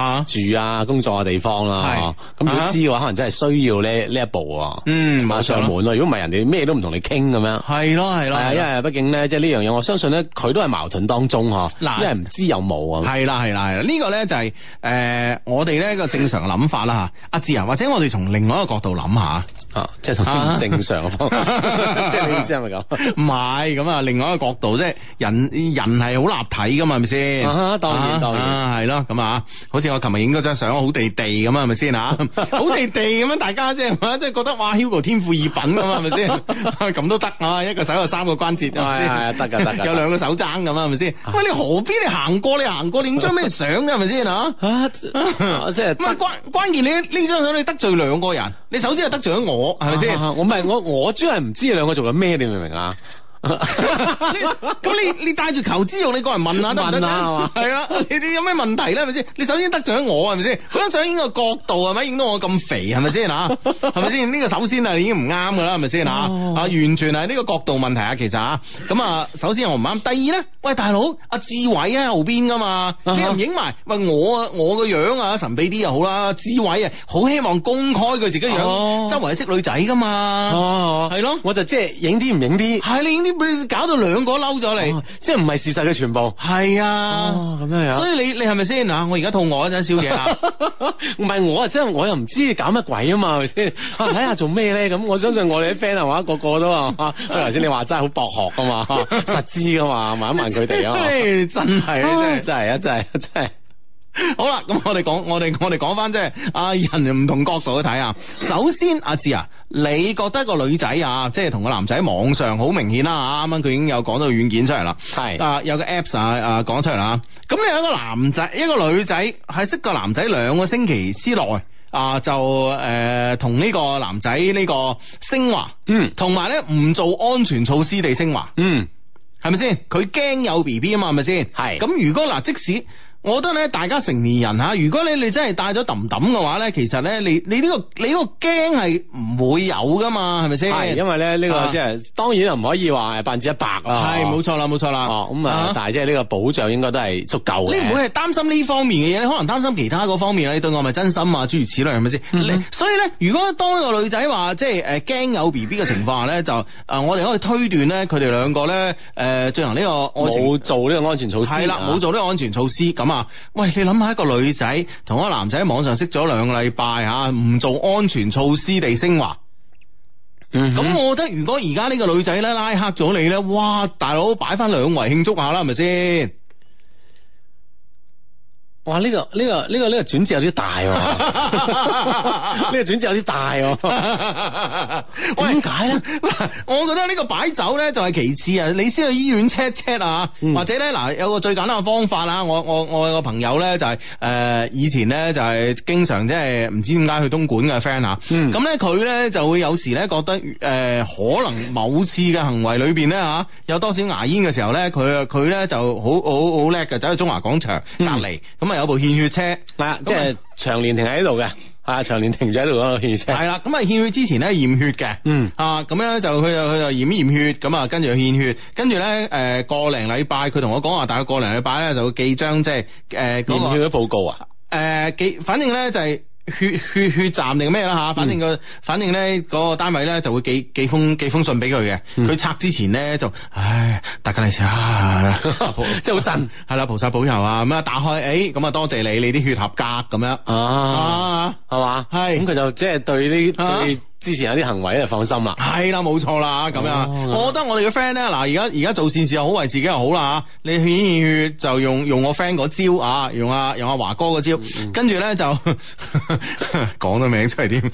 住啊工作嘅地方啦。係，咁如果知嘅話，可能真係需要呢呢一步啊。嗯，馬上咯。上門咯，如果唔係人哋咩都唔同你傾咁樣。係咯係咯，因為畢竟咧，即係呢樣嘢，我相信咧，佢都係矛盾當中呵。嗱，因為唔知有冇啊。係啦係啦係啦，呢個咧就係誒我哋咧個正常嘅諗法啦吓。阿志啊，或者我哋從另外一個角度諗下。啊，
即係頭先。啊、正常方法，方即係你意
思係咪咁？唔係咁啊，另外一個角度即係人，人係好立體噶嘛，係咪先？當然，當然係咯。咁啊，啊，啊，啊，啊，啊，好似我琴日影嗰張相，地 好地地咁啊，係咪先啊？好地地咁啊，大家即係，即係覺得哇，Hugo 天賦異稟咁啊，係咪先？咁都得啊，一個手有三個關節，係、就、係、是、得噶得噶，有兩個手踭咁啊，係咪先？喂，你何必你行過你行過你影張咩相㗎係咪先啊？即係唔係關關鍵？你呢張相你得罪兩個人，你首先係得罪咗我，係咪先？是我唔係，我，我主係唔知你兩個做緊咩，你明唔明啊？咁 你你帶住求知欲，你過嚟問下都唔得啊？係 啊， 啊！你有咩問題咧？係咪先？你首先得罪我係咪先？咁想影呢個角度係咪？影到我咁肥係咪先啊？係咪先？呢個首先啊已經唔啱噶啦，係咪先啊？哦、啊，完全係呢個角度問題啊！其實啊，咁啊，首先我唔啱。第二咧，喂，大佬阿志偉啊，後邊噶嘛，你又唔影埋？啊、哈 喂，我啊，我個樣啊神秘啲又好啦。志偉啊，好希望公開佢自己樣、哦，周圍識女仔噶嘛哦？哦，係、哦、咯。我就即係影啲唔影啲。係你。 搞到兩個嬲咗嚟，啊、即係唔係事實嘅全部？係啊，咁樣樣。所以你你係咪先嗱？我而家肚餓一陣， 宵夜啊。唔係我啊，真係我又唔知你搞乜鬼啊嘛，係咪先？睇下做咩咧？咁我相信我哋啲 friend 係嘛，個個都啊。頭 先你話真係好博學噶嘛，實知噶嘛，問一問佢哋啊嘛。真係啊，真係啊， 真係啊，真係。真好啦，咁我哋講，我哋我哋講返即係，啊人唔同角度去睇啊。首先，阿、啊、志啊，你覺得個女仔啊，即係同個男仔網上好明顯啦啊，啱啱佢已經有講到軟件出嚟啦，係是啊有個 apps 啊啊講出嚟啦。咁、啊、你有一個男仔，一個女仔係識個男仔兩個星期之內啊，就誒同呢個男仔呢個升華，嗯，同埋咧唔做安全措施地升華，嗯，係咪先？佢驚有 B B 啊嘛，係咪先？係咁是如果嗱，即使。我覺得咧，大家成年人吓，如果你你真係戴咗揼揼嘅話咧，其實咧，你你呢、呢個你呢個驚係唔會有噶嘛，係咪先？係，因為咧呢、呢個即、就、係、是啊、當然又唔可以話百分之一百啦。係，冇錯啦，冇錯啦。咁啊，但係即係呢個保障應該都係足夠嘅。啊、你唔會係擔心呢方面嘅嘢，你可能擔心其他嗰方面，你對我咪真心啊？諸如此類，係咪先？嗯、所以咧，如果當一個女仔話即係誒驚有 BB 嘅情況下咧，嗯、就誒我哋可以推斷咧，佢哋兩個咧誒、呃、進行呢個冇做呢個、啊、個安全措施。係啦，冇做呢個安全措施，咁啊。喂，你諗下一個女仔同一個男仔喺網上識咗兩個禮拜吓，唔做安全措施地升華，嗯哼，咁我覺得如果而家呢個女仔咧拉黑咗你咧，哇，大佬擺翻兩圍慶祝下啦，係咪先？哇！呢、這個呢、這個呢、這個呢個轉折有啲大
喎、啊，
呢 個轉折有啲大
喎、啊，點解咧？
我覺得呢個擺酒咧就係其次啊！你先去醫院 check check 啊，嗯、或者咧嗱，有個最簡單嘅方法啦。我我我有個朋友咧就係、是、誒、呃、以前咧就係經常即係唔知點解去東莞嘅 friend 啊。咁咧佢咧就會有時咧覺得誒、呃、可能某次嘅行為裏邊咧嚇有多少牙煙嘅時候咧，佢佢咧就好好好叻嘅，走去中華廣場隔離咁啊！嗯有部獻血車，係即係長年停喺呢度嘅，啊，長年停咗喺度嗰個獻血車。係啦，咁啊，獻血之前咧驗血嘅，嗯，啊，咁樣就佢就佢就驗驗血，咁啊，跟住又獻血，呢呃、跟住咧，誒，個零禮拜佢同我講話，大概過，就是呃那個零禮拜咧就會寄張即係誒，驗血嘅報告啊，誒、呃，幾，反正咧就係、是。血血血站定咩啦吓，反正個，反正咧個單位咧就會寄寄封寄封信俾佢嘅。佢拆之前咧就，唉，大吉利是 啊，即係好震，係啦，菩薩保佑啊。咁啊，打開，誒、哎，咁啊，多謝你，你啲血合格咁樣，啊，係嘛？係。咁佢就即係對呢對。啊之前有啲行為咧，放心啦。係啦，冇 錯啦，咁樣。哦、我覺得我哋嘅 friend 咧，嗱，而家而家做善事又好，為自己又好啦嚇。你顯現血，血，血就用用我 friend 嗰招啊，用啊用阿、啊、華哥嘅招，嗯、跟住咧就講到 名出嚟添。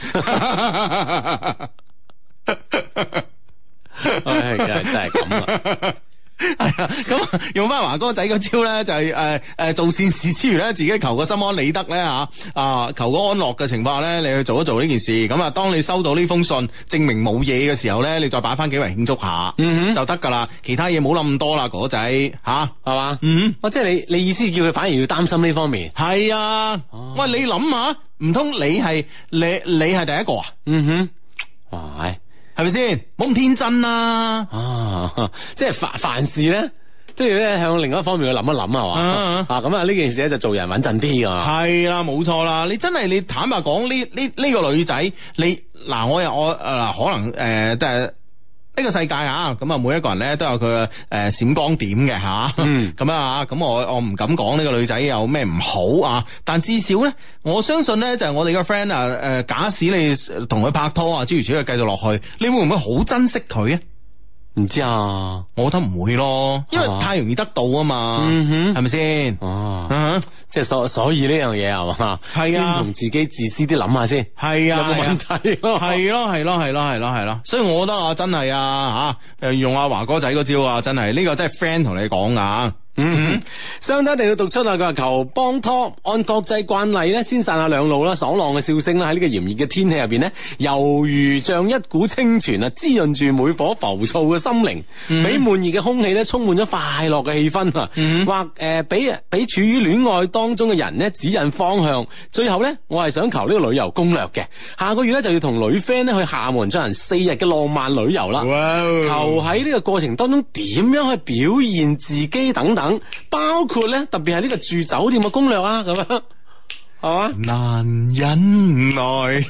唉，真係真係咁啊！ 係啊，咁 用翻華哥仔個招咧，就是，就係誒誒做善事之餘咧，自己求個心安理得咧吓啊，求個安樂嘅情況咧，你去做一做呢件事。咁啊，當你收到呢封信，證明冇嘢嘅時候咧，你再擺翻幾位慶祝下，嗯哼，就得噶啦。其他嘢冇諗咁多啦，哥，哥仔吓，係、啊、嘛？嗯哼，哦、啊，即係你你意思叫佢反而要擔心呢方面？係啊，啊喂，你諗下，唔通你係你你係第一個啊？嗯哼，哇。係咪先？冇咁天真啦、啊！啊，即係凡凡事咧，都要咧向另一方面去諗一諗，啊，啊。嘛？啊，咁啊呢件事咧就做人穩陣啲㗎。係啦、啊，冇錯啦！你真係你坦白講，呢呢呢個女仔，你嗱，我又我誒、呃，可能誒、即、呃、係。呢個世界啊，咁啊，每一個人咧都有佢嘅誒閃光點嘅吓，咁啊，咁、嗯嗯、我我唔敢講呢個女仔有咩唔好啊，但至少咧，我相信咧就係、是、我哋個 friend 啊，誒、呃，假使你同佢拍拖啊，諸如此類繼續落去，你會唔會好珍惜佢啊？唔知啊，我覺得唔會咯，因為太容易得到啊嘛，係咪先？哦，嗯，即係所所以呢樣嘢係嘛，先從自己自私啲諗下先，係啊，有冇問題？係咯係咯係咯係咯係咯，所以我覺得啊，真係啊吓，誒用阿華哥仔嗰招啊，真係呢個真係 friend 同你講啊！嗯哼，mm hmm. 相親一定要讀出啊！佢話求幫拖，按國際慣例咧，先散下兩路啦，爽朗嘅笑聲啦，喺呢個炎熱嘅天氣入邊呢，猶如像一股清泉啊，滋潤住每顆浮躁嘅心靈，俾悶熱嘅空氣呢，充滿咗快樂嘅氣氛啊！Mm hmm. 或誒，俾誒俾處於戀愛當中嘅人咧，指引方向。最後呢，我係想求呢個旅遊攻略嘅，下個月呢，就要同女 friend 咧去廈門進行四日嘅浪漫旅遊啦。Wow. 求喺呢個過程當中，點樣去表現自己等等。包括咧，特別係呢個住酒店嘅攻略啊，咁樣。係嘛難忍耐，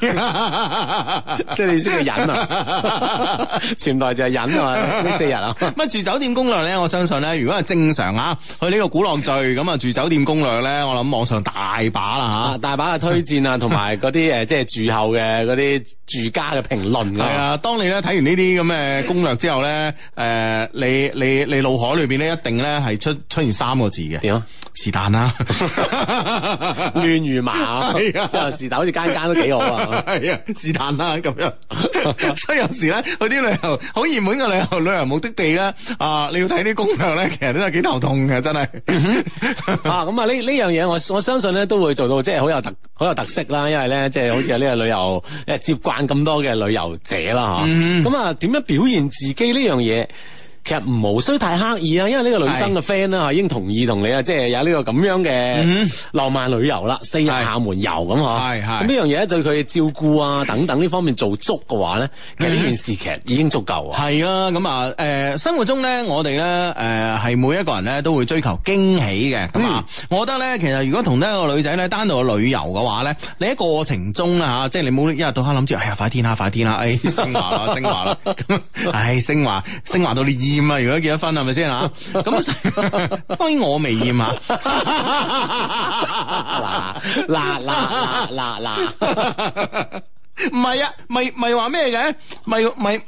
即係你識個忍啊！
前代就係忍啊，呢四日啊。乜 住酒店攻略咧？我相信咧，如果係正常啊，去呢個鼓浪嶼咁啊，住酒店攻略咧，我諗網上大把啦、啊、吓，大把嘅推薦啊，同埋嗰啲誒，即、就、係、是、住後嘅嗰啲住家嘅評論、啊。係 啊，當你咧睇完呢啲咁嘅攻略之後咧，誒、呃，你你你腦海裏邊咧一定咧係出出現三個字嘅。點啊何？是但啦，亂 如。係 啊，是但好似間間都幾好啊，係啊，是但啦咁樣， 所以有時咧，去啲旅遊好熱門嘅旅遊旅遊目的地咧，啊，你要睇啲攻略咧，其實都係幾頭痛嘅，真係 啊，咁啊呢呢樣嘢我我相信咧都會做到即係好有特好有特色啦，因為咧即係好似呢個旅遊誒 接慣咁多嘅旅遊者啦吓，咁啊點、嗯啊、樣表現自己呢樣嘢？其實唔冇需太刻意啊，因為呢個女生嘅 friend 啊已經同意同你啊，是即係有呢個咁樣嘅浪漫旅遊啦，四日廈門遊咁嗬。係係呢樣嘢，是對佢照顧啊等等呢方面做足嘅話咧，其實呢是件事其實已經足夠啊。係啊，咁啊，誒，生活中咧，我哋咧，誒、呃，係每一個人咧都會追求驚喜嘅，咁啊、嗯，我覺得咧，其實如果同呢一個女仔咧單獨去旅遊嘅話咧，你喺過程中啊，吓，即係你冇一日到黑諗住，哎呀，快啲啦、啊，快啲啦、啊，哎，升華啦，
升
華啦，咁，哎，升華，升華到你厭啊！如果結咗婚係咪先吓，咁當然我未厭啊！
嗱嗱嗱嗱嗱嗱。
唔係啊，咪咪話咩嘅？咪咪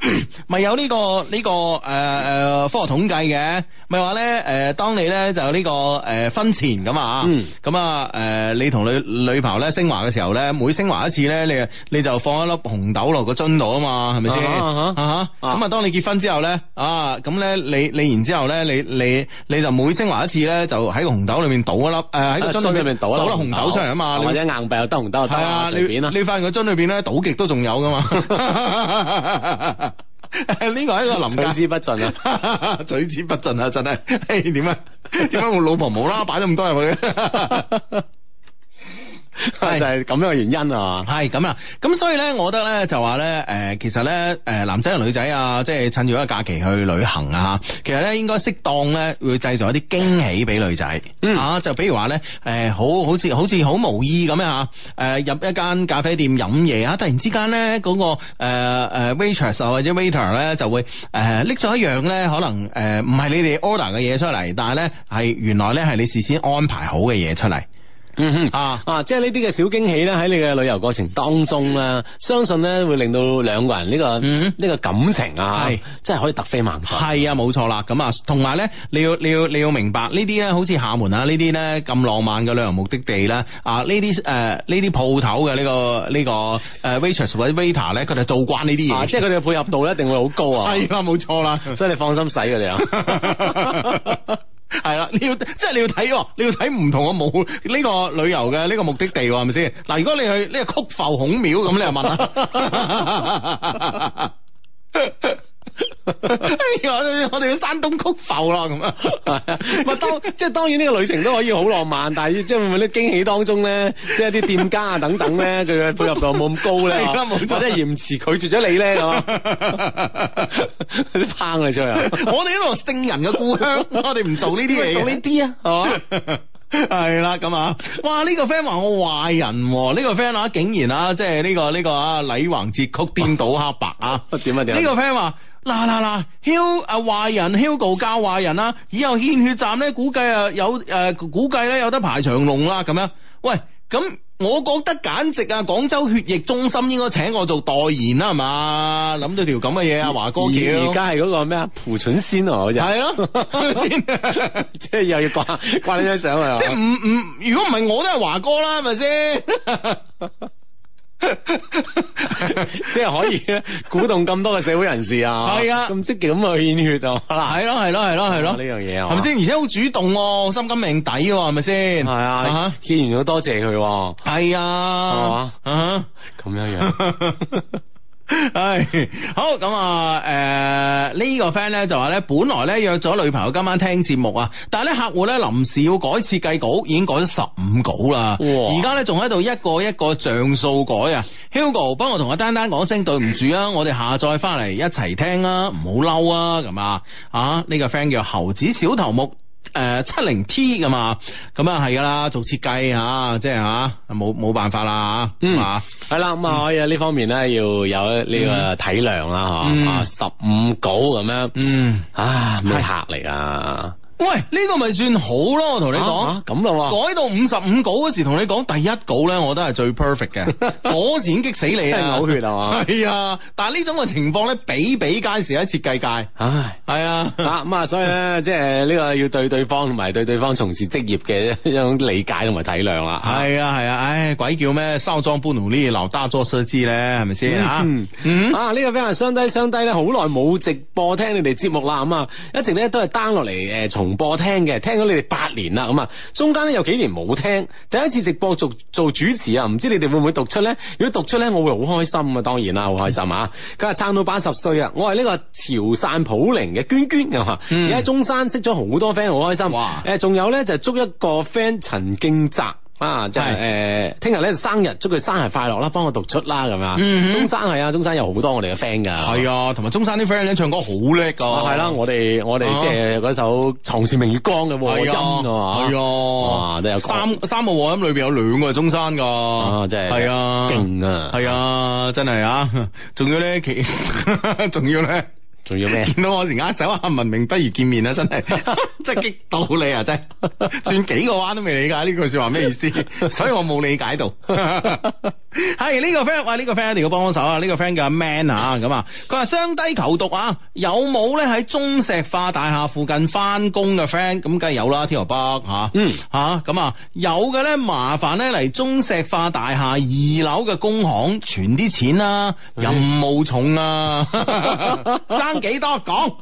咪有呢、這個呢、這個誒誒、呃、科學統計嘅？咪話咧誒，當你咧就呢、這個誒、呃、婚前咁、嗯、啊，咁啊誒你同你女，女朋友咧升華嘅時候咧，每升華一次咧，你你就放一粒紅豆落個樽度啊嘛，係咪先？咁啊，當你結婚之後咧啊，咁咧你你然之後咧，你你你就每升華一次咧，就喺個紅豆裏面倒一粒誒喺樽裏面倒一粒紅豆，出嚟嘛，或者硬幣又得，得、啊，紅豆又得，隨便啦你，你發現個樽裏面咧、啊、倒。好極都仲有噶嘛？
呢
個係一個臨家之不盡啊， 取之不盡啊，真係嘿點啊？點解我老婆冇啦擺咗咁多入去？ 就係咁樣嘅原因啊！係咁啊，咁所以咧，我覺得咧就話咧，誒、呃，其實咧，誒、呃，男仔同女仔啊，即係趁住一個假期去旅行啊，吓，其實咧應該適當咧，會製造一啲驚喜俾女仔。嗯、啊，就比如話咧，誒、呃，好好似好似好無意咁樣吓，誒、呃，入一間咖啡店飲嘢啊，突然之間咧，嗰、那個誒誒、呃呃、waitress 或者 waiter 咧就會誒拎咗一樣咧，可能誒唔係你哋 order 嘅嘢出嚟，但係咧係原來咧係你事先安排好嘅嘢出嚟。嗯嗯啊啊，即係呢啲嘅小驚喜咧，喺你嘅旅遊過程當中咧，相信咧會令到兩個人呢、呢個呢、嗯、哼個感情啊，係即係可以突飛猛進。係啊，冇錯啦。咁啊，同埋咧，你要你要你要明白呢啲咧，好似廈門啊呢啲咧咁浪漫嘅旅遊目的地啦，啊呢啲誒呢啲鋪頭嘅呢個呢、呢個誒 waitress、呢個呃、 或者 waiter 咧，佢哋做慣呢啲嘢，即係佢哋嘅配合度一定會好高 啊。係啦，冇錯啦，所以你放心使佢哋啊。 係啦，你要即係你要睇，哦，你要睇唔同嘅冇呢個旅遊嘅呢個目的地，係咪先？嗱，啊，如果你去呢個曲阜孔廟咁，你又問啦。 哎、我哋要山東曲阜咯咁啊，咁啊、 哎，即係當然呢個旅程，都可以好浪漫，但係即係會唔會啲驚喜當中咧，即係啲店家啊等等咧，佢嘅配合度冇咁高咧，即係延遲拒絕咗你咧，咁嘛？啲拋你出去啊！我哋呢度聖人嘅故鄉，我哋唔做呢啲嘢，做呢啲啊，係嘛？係啦，咁啊，哇！呢、這個 friend 話我壞人、啊，呢、這個 friend 啊，竟然啊，即係呢、這個呢、這個啊，禮橫節曲顛倒黑白啊！點 啊點？呢個 friend 話。 嗱嗱嗱，教啊壞人，教壞人啦！以後獻血站咧，估計啊有誒、呃，估計咧有得排長龍啦，咁樣。喂，咁我覺得簡直啊，廣州血液中心應該請我做代言啦，係嘛？諗到條咁嘅嘢，啊，華哥而家係嗰個咩啊？蒲存仙啊，好似係咯，即係又要掛掛呢張相啊！即係唔唔，如果唔係我都係華哥啦，係咪先？ 即係可以啊，鼓動咁多嘅社會人士啊，係 啊，咁積極咁去獻血啊，係咯係咯係咯係咯呢樣嘢啊，係咪先？而且好主動喎，心甘命抵喎，係咪先？係啊，吓獻完咗多謝佢，係啊，係嘛啊咁一樣。 唉、哎，好咁啊！誒，呢、呃這個 friend 呢就話呢，本來呢約咗女朋友今晚聽節目啊，但係呢客戶呢臨時要改設計稿，已經改咗十五稿啦。而家呢仲喺度一個一個像素改啊。Hugo，幫我同阿丹丹講聲對唔住啊，我哋下載翻嚟一齊聽啊，唔好嬲啊，咁啊啊！呢個 friend 叫猴子小頭目。誒，七零、呃、T 噶嘛，咁啊係噶啦，做設計吓，即係吓，冇冇辦法啦吓，嗯，吓，係啦，咁啊可以啊，呢方面咧，要有呢個體諒啦吓，十五稿咁樣，嗯，啊，係、啊嗯、唉客嚟噶。喂，呢個咪算好咯，我同你講，咁啦，改到五十五稿嗰時同你講第一稿咧，我都係最 perfect 嘅，嗰時已經激死你啊，嘔血係嘛？係啊，但係呢種嘅情況咧，比比皆是喺設計界，唉，係啊，咁啊，所以咧，即係呢個要對對方同埋對對方從事職業嘅一種理解同埋體諒啦，係啊，係啊，唉，鬼叫咩？少壯不努力，老大做設計咧，係咪先啊？啊，呢個 friend 雙低雙低咧，好耐冇直播聽你哋節目啦，咁啊，一直咧都係 down 落嚟誒，從重播聽嘅，聽咗你哋八年啦，咁啊，中間咧有幾年冇聽，第一次直播做做主持啊，唔知你哋會唔會讀出咧？如果讀出咧，我會好開心啊，當然啦，好開心啊！今日撐到八十歲啊，我係呢個潮汕普寧嘅娟娟啊，而家、嗯、中山識咗好多 friend，好開心。誒哇，仲有咧就祝、是、一個 friend 陳敬澤。啊，即係誒，聽日咧生日，祝佢生日快樂啦，幫佢讀出啦，咁樣，中山係啊，中山有好多我哋嘅 friend 噶，係啊，同埋中山啲 friend 咧唱歌好叻噶，係啦，我哋我哋即係嗰首《床前明月光》嘅和音啊嘛，係啊，三三個和音裏邊有兩個係中山噶，真係，係啊，勁啊，係啊，真係啊，仲要咧，仲要咧。仲要咩？見到我時啱手啊！聞名不如見面啊！真係， 真係激到你啊！真係，轉 幾個彎都未理解呢句說話咩意思？所以我冇理解到。係 呢 個 friend，喂呢個 friend 你定要幫幫手啊！呢、這個 friend 叫阿 Man 啊。咁啊，佢話雙低求讀啊，有冇咧喺中石化大廈附近翻工嘅 friend？咁梗係有啦，天河、呃、北吓，嗯吓咁啊，嗯、啊有嘅咧麻煩咧嚟中石化大廈二樓嘅工行存啲錢啊，任務重啊，哎 幾多講？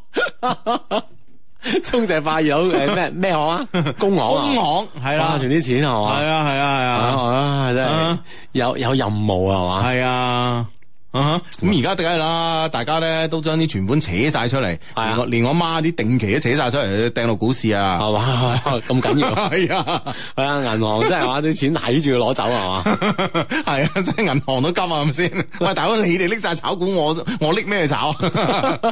充值快有誒咩咩行啊？公行、啊、公行係啦，存啲錢係嘛？係啊，係啊，係啊，係哇啊係真係有有任務啊係嘛？係啊。吧咁而家梗係啦，uh huh. 大家咧都將啲存款扯晒出嚟，Yeah. 連我連我媽啲定期都扯晒出嚟，掟落股市啊，係嘛 吧？咁緊要？係啊，係啊！銀行真係話啲錢睇住攞走係嘛？係啊，即係銀行都急啊，咁先？喂，大佬，你哋拎晒炒股，我我拎咩炒？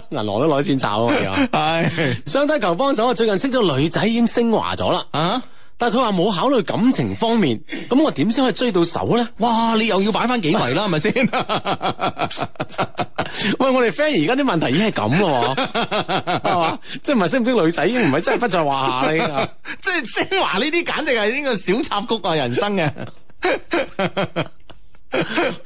銀 行都攞錢炒啊！係相睇求幫手啊！最近識咗女仔，已經升華咗啦啊！Uh huh. 但係佢話冇考慮感情方面，咁我點先可以追到手咧？哇！你又要擺翻幾圍啦，係咪 等先？ 喂，我哋 friend 而家啲問題已經係咁啦，係嘛？ 即係唔係識唔識女仔已經唔係真係不在話下啦， 即係升華呢啲，簡直係呢個小插曲啊，人生嘅、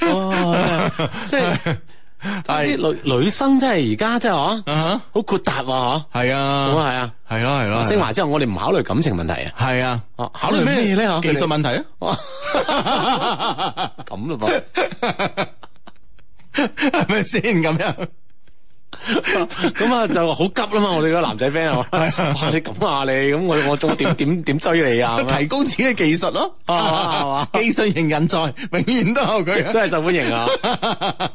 哦，即係。 What ?但係啲女女生真係而家真係嗬，好豁達嗬，係啊，咁啊係啊，係咯係咯，升華、啊啊、之後我哋唔考慮感情問題啊，係啊，考慮咩咧嗬，技術問題啊，咁咯噃，係咪先咁樣吧？ 是咁 啊，就好急啦嘛！我哋嗰男仔 friend 係嘛，你咁話你，咁我我點點點追你啊？ 提高自己嘅技術咯、啊，係嘛？ 技術型人才永遠都有佢，都係受歡迎啊！係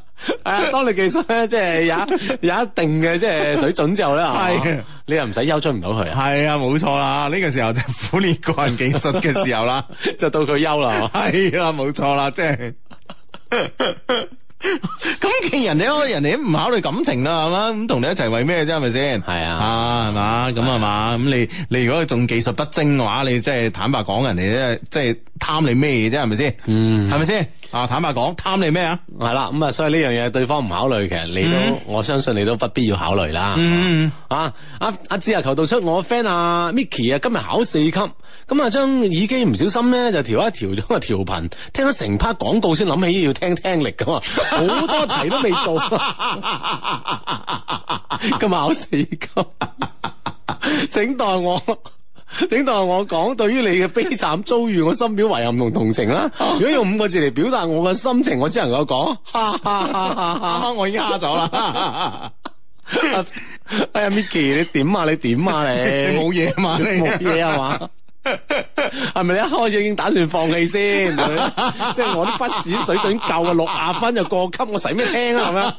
啊、哎，當你技術咧、啊，即係有有一定嘅即係水準之後咧，係你又唔使休追唔到佢啊！係啊，冇錯啦！呢、這個時候就苦練個人技術嘅時候啦， 就到佢休啦，係啊，冇錯啦，即係。咁 既然你我人哋都唔考慮感情啦，係嘛？咁同你一齊為咩啫？係咪先？係啊，係嘛？ 咁係嘛？咁、啊、你你如果仲技術不精嘅話，你即係坦白講，人哋咧即係。貪你咩啫，係咪先？嗯，係咪先？啊，坦白講，貪你咩啊？係啦，咁啊，所以呢樣嘢，對方唔考慮，其實你都，我相信你都不必要考慮啦。嗯、
mm.
啊，阿阿志啊，求道出我 friend 啊 Micky 啊， 今日考四級，咁啊，將耳機唔小心咧就調一調咗個調頻，聽咗成 part 廣告先諗起要聽聽力咁啊，好多題都未做， 今日考四級， 整待我。頂多我講，對於你嘅悲慘遭遇，我深表遺憾同同情啦。 如果用五個字嚟表達我嘅心情，我只能夠講，
我已經蝦咗啦。哎、啊、
呀、啊啊啊啊啊，Mickey，你點啊？你點啊？你冇嘢嘛？你冇嘢係嘛？ 係咪你一開始已經打算放棄先？即係我啲筆紙水準夠嘅六啊分就過級，我使咩聽啊？係咪啊？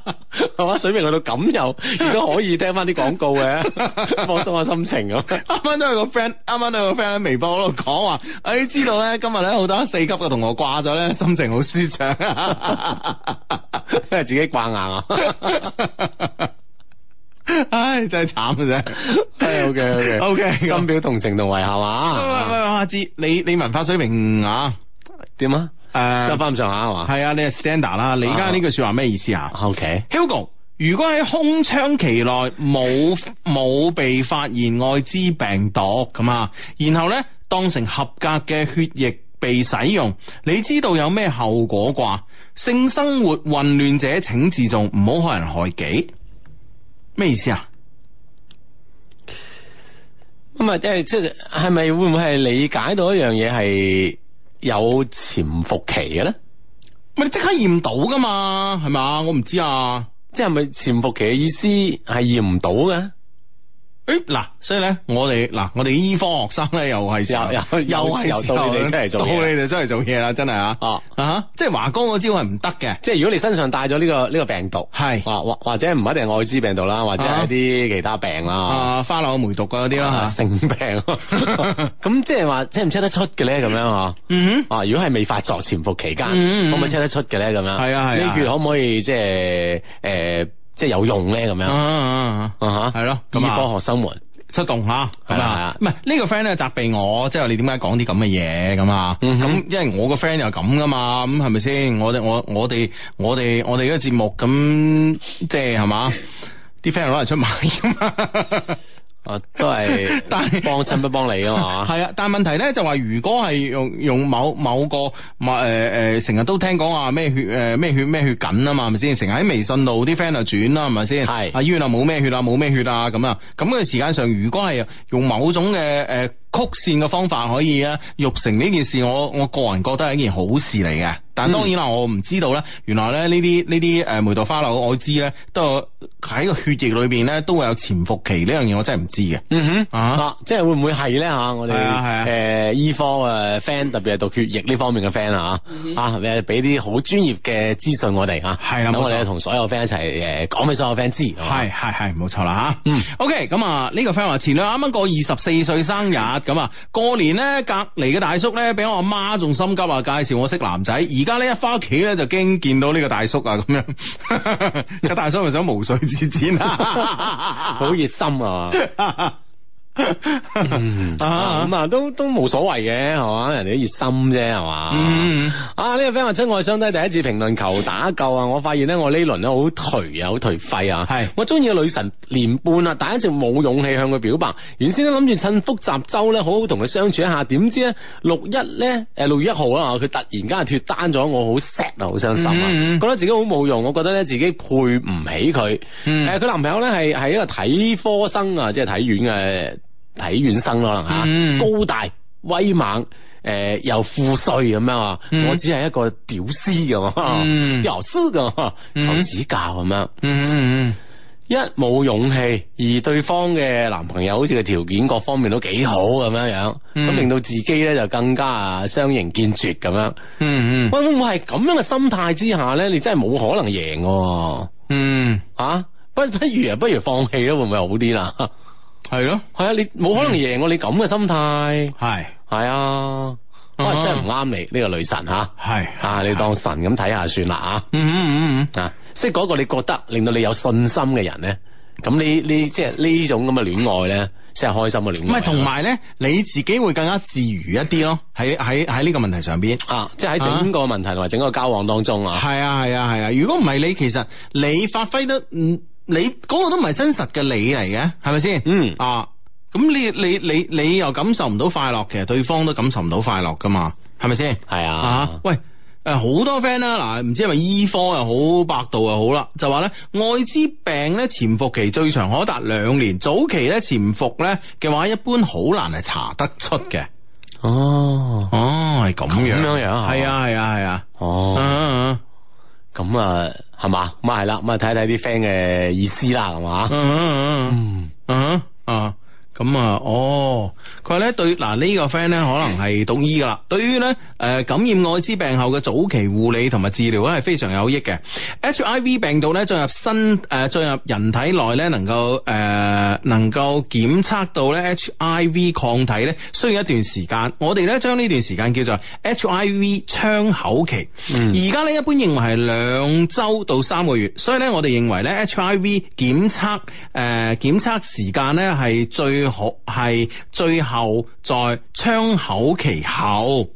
係嘛？水平去到咁又亦都可以聽翻啲廣告嘅， 放鬆下我心情咁。 啱啱都有個 friend，啱啱都有個 friend 喺微博度講話，誒，知道咧今日咧好多四級嘅同學掛咗咧，心情好舒暢，都係自己掛掛硬啊。 唉，真係慘嘅啫。O K O K O K，深表同情同遺憾、嗯、啊！喂，喂，喂，阿志，你你文化水平啊？點樣、嗯、啊？誒，得翻咁上下係嘛？係啊，你係、啊、standard 啦。你而家呢句說話咩意思啊？O Okay . K，Hugo，如果喺空窗期內冇冇被發現艾滋病毒咁啊，然後咧當成合格嘅血液被使用，你知道有咩後果啩？性生活混亂者請自重，唔好害人害己。咩意思啊？咁啊、就是，即係即係，係咪會唔會係理解到一樣嘢係有潛伏期嘅咧？咪你即刻驗到噶嘛？係咪？我唔知啊。即係咪潛伏期嘅意思係驗唔到嘅？誒，嗱，所以咧，我哋嗱，我哋醫科學生咧，又係又又又到你哋出嚟做，到你哋出嚟做嘢啦，真係啊！啊，即係華哥嗰招係唔得嘅，即係如果你身上帶咗呢個呢個病毒，係或或或者唔一定係艾滋病毒啦，或者係啲其他病啦，啊花柳梅毒嗰啲啦，性病，咁即係話聽唔聽得出嘅咧？咁樣啊？啊，如果係未發作潛伏期間，可唔可以聽得出嘅咧？咁樣係啊？呢個可唔可以即係誒？即係有用咧咁樣，嗯嗯嗯嗯，嚇，係咯咁啊！醫科學生活，啊、出動嚇，係啊！唔係呢個 friend 咧責備我，即、就、係、係、你點解講啲咁嘅嘢咁啊？咁、嗯、因為我個 friend 又咁噶嘛，咁係咪先？我我我哋我哋我哋嘅節目咁，即係係嘛？啲 friend 攞嚟出賣噶嘛。啊， 都係，但係幫親不幫你啊嘛，係啊，但係問題咧就話、是，如果係用用某某個，咪誒誒，成、呃、日都聽講話咩血，誒、呃、咩血咩血緊啊嘛，係咪先？成日喺微信度啲 friend 啊轉啦，係咪先？係，阿醫院啊冇咩血啊，冇咩血啊，咁啊，咁嘅時間上，如果係用某種嘅誒、呃、曲綫嘅方法可以咧，育成呢件事，我我個人覺得係一件好事嚟嘅。但當然啦，我唔知道咧。原來咧呢啲呢啲誒梅毒花柳，我知咧，都喺個血液裏邊咧都會有潛伏期呢樣嘢，我真係唔知嘅。
嗯
哼，啊，即係會唔會係咧嚇？我哋誒醫科嘅 friend，特別係讀血液呢方面嘅 friend 嚇，啊，你俾啲好專業嘅資訊我哋嚇。係啦，咁我哋同所有 friend 一齊誒講俾所有 friend 知。係係係，冇錯啦嚇。嗯，OK，咁啊呢個 friend 話前兩日啱啱過二十四歲生日，咁啊過年咧隔離嘅大叔咧，比我阿媽仲心急啊，介紹我識男仔。而家咧一翻屋企咧就驚見到呢個大叔啊咁樣，個 大叔咪想無水自戰啊，
好
熱心啊！ 咁 neck、 嗯嗯、啊，都都冇所謂嘅係嘛，人哋都熱心啫係嘛。啊呢個 friend 話親愛相低，第一次評論求打救啊！我發現咧我呢輪咧好頹啊，好頹廢啊。係我中意嘅女神年半啦，但一直冇勇氣向佢表白。原先咧諗住趁複習周咧好好同佢相處一下，點知咧六一咧誒六月一號啦，佢突然間脫單咗，我好 sad 啊，好傷心啊，覺得自己好冇用，我覺得咧自己配唔起佢。誒佢、嗯呃、男朋友咧係係一個體科生啊，即係體院嘅。睇遠生可能，吓、嗯、高大威猛，誒、呃、又富帥咁樣，嗯、我只係一個屌絲咁，屌絲咁求指教咁樣，嗯嗯、一冇勇氣，而對方嘅男朋友好似個條件各方面都幾好咁樣、嗯、樣，咁令到自己咧就更加啊，相形見絀咁樣，嗯嗯，喂、嗯、會唔會係咁樣嘅心態之下咧，你真係冇可能贏嘅、啊，嗯吓、啊，不不，不如不如放棄咯，會唔會好啲啦？係咯，係啊！你冇可能贏過，你咁嘅心態，係係啊！可能真係唔啱你呢個女神吓，係吓你當神咁睇下算啦吓，嗯嗯嗯嗯，啊識嗰個你覺得令到你有信心嘅人咧，咁你你即係呢種咁嘅戀愛咧，先係開心嘅戀愛。咪同埋咧，你自己會更加自如一啲咯，喺喺喺呢個問題上邊啊，即係喺整個問題同埋整個交往當中啊。係啊係啊係啊！如果唔係你，其實你發揮得唔？你嗰、那個都唔係真實嘅你嚟嘅，係咪先？嗯啊，咁你你你你又感受唔到快樂，其實對方都感受唔到快樂噶嘛，係咪先？係啊。啊，喂，誒、呃，好多 friend 啦，嗱，唔知係咪醫科又好，百度又好啦，就話咧，艾滋病咧潛伏期最長可達兩年，早期咧潛伏咧嘅話，一般好難係查得出嘅。哦，哦，係咁樣樣，係啊，係啊，係啊。哦。咁啊，係嘛、嗯？咁係啦，咁啊睇睇啲 friend 嘅意思啦，係、huh. 嘛、uh？嗯嗯嗯嗯啊啊！Huh. 咁啊，哦，佢話咧對嗱呢，這個 friend 咧可能係懂醫噶啦。 對於咧，誒、呃、感染艾滋病後嘅早期護理同埋治療咧係非常有益嘅。H I V 病毒咧進入身誒進入人體內咧能夠誒、呃、能夠檢測到咧 H I V 抗體咧需要一段時間。我哋咧將呢段時間叫做 H I V 窗口期。而家咧一般認為係兩周到三個月，所以咧我哋認為咧 H I V 檢測誒檢測時間咧係最。最好係最後在窗口期後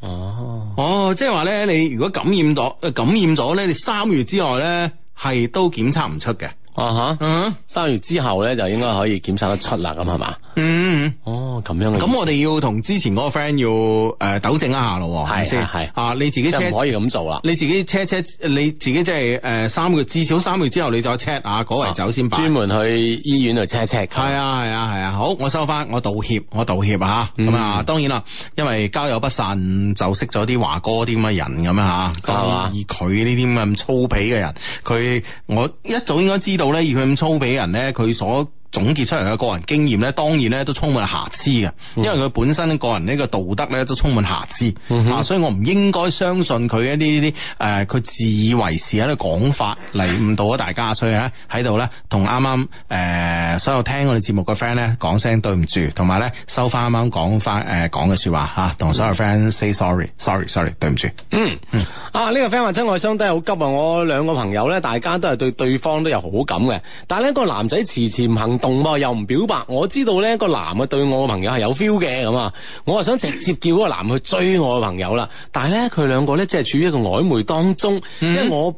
哦、oh. 哦，即係話咧，你如果感染咗感染咗咧，你三個月之內咧係都檢測唔出嘅。啊哈，嗯，三月之後咧就應該可以檢查得出啦，咁係嘛？嗯，哦，咁樣嘅，咁我哋要同之前嗰個 friend 要誒糾正下咯，係係，啊，你自己就唔可以咁做啦，你自己 check check，你自己即係誒三個月，至少三個月之後你再 check 啊，改為走先專門去醫院度 check check。係啊係啊係啊，好，我收翻，我道歉，我道歉吓，咁啊，當然啦，因為交友不慎就識咗啲華哥啲咁嘅人咁啊吓，當然以佢呢啲咁粗鄙嘅人，佢我一早應該知道。到咧，以佢咁粗鄙人咧，佢 所。總結出嚟嘅個人經驗咧，當然咧都充滿瑕疵嘅，因為佢本身個人呢個道德咧都充滿瑕疵、嗯、哼啊，所以我唔應該相信佢一啲啲誒佢自以為是喺度講法嚟誤導咗大家，所以咧喺度咧同啱啱誒所有聽我哋節目嘅 friend 咧講聲對唔住，同埋咧收翻啱啱講翻誒講嘅説話嚇，同所有 friend say sorry，sorry，sorry，對唔住。嗯，sorry, sorry，嗯啊呢、呢個 friend 話真愛相對好急啊，我兩個朋友咧大家都係對對方都有好感嘅，但係咧、嗰個男仔遲遲唔肯。又唔表白，我知道咧個男嘅對我嘅朋友係有 feel 嘅咁啊，我係想直接叫嗰個男去追我嘅朋友啦，但係咧佢兩個咧即係處於一個曖昧當中，因為我。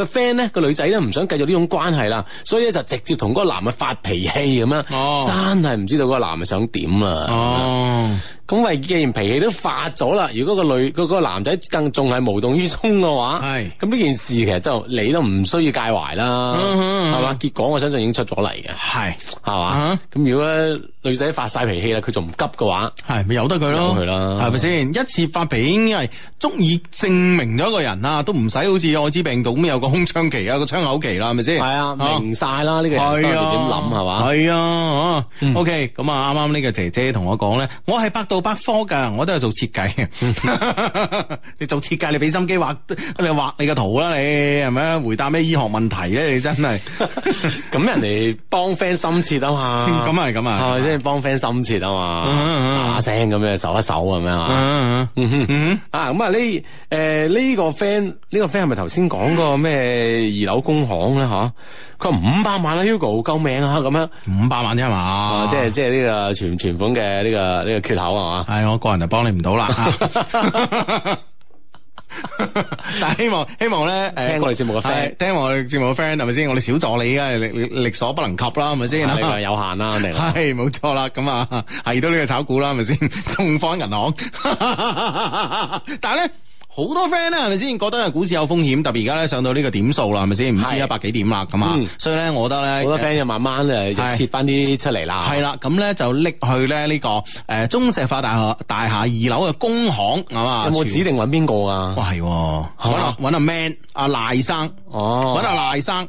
個 friend 咧個女仔咧唔想繼續呢種關係啦，所以咧就直接同嗰個男嘅發脾氣咁樣，oh. 真係唔知道嗰個男嘅想點啊！哦，咁喂，既然脾氣都發咗啦，如果個女嗰、嗰個男仔更仲係無動於衷嘅話，係是，咁呢件事其實就你都唔需要介懷啦，係嘛、uh huh.？結果我相信已經出咗嚟嘅，係，係嘛？咁、uh huh. 如果。女仔發晒脾氣啦，佢仲唔急嘅話，係咪由得佢咯？係咪先？一次發脾氣已經係足以證明咗一個人啊，都唔使好似艾滋病毒咁有個空窗期啊，個窗口期啦，係咪先？係啊，明晒啦，呢個醫生點諗係嘛？係啊，OK，咁啊，啱啱呢個姐姐同我講咧，我係百度百科噶，我都係做設計，你做設計，你俾心機畫，你畫你個圖啦，你係咪啊？回答咩醫學問題咧？你真係咁，人哋幫 friend 心切啊嘛，咁係咁啊。即係幫 friend 心切啊嘛，大聲咁樣搜一搜咁樣啊，啊咁啊呢誒呢個 friend 呢個 friend 係咪頭先講個咩二樓工行咧吓？佢話五百萬啦 Hugo 救命啊咁樣，五百萬啫嘛，即係即係呢個存存款嘅呢、這個呢、這個缺口啊嘛，係我個人就幫你唔到啦。 但係希望希望咧，誒、uh， 聽我哋節目嘅 friend，聽我哋節目嘅 friend 係咪先？我哋少助理，嘅，力力所不能及啦，係咪先？能力 有限啦，我哋係冇錯啦，咁 啊，係都呢個炒股啦，係咪先？中方銀行，
但係咧。
好多 friend 咧，係咪先？覺得啊，股市有風險，特別而家咧，上到呢個點數啦，係咪先？唔知一百幾點啦，咁啊，嗯、所以咧，我覺得咧，好多 friend 就慢慢咧，是切翻啲出嚟啦。係啦，咁咧就搦去咧、這、呢個誒、呃、中石化大廈大廈二樓嘅工行，係嘛？有冇指定揾邊個啊？哇、啊，係，揾啊揾啊 Man，阿、啊、賴生，哦，揾阿、啊、賴生。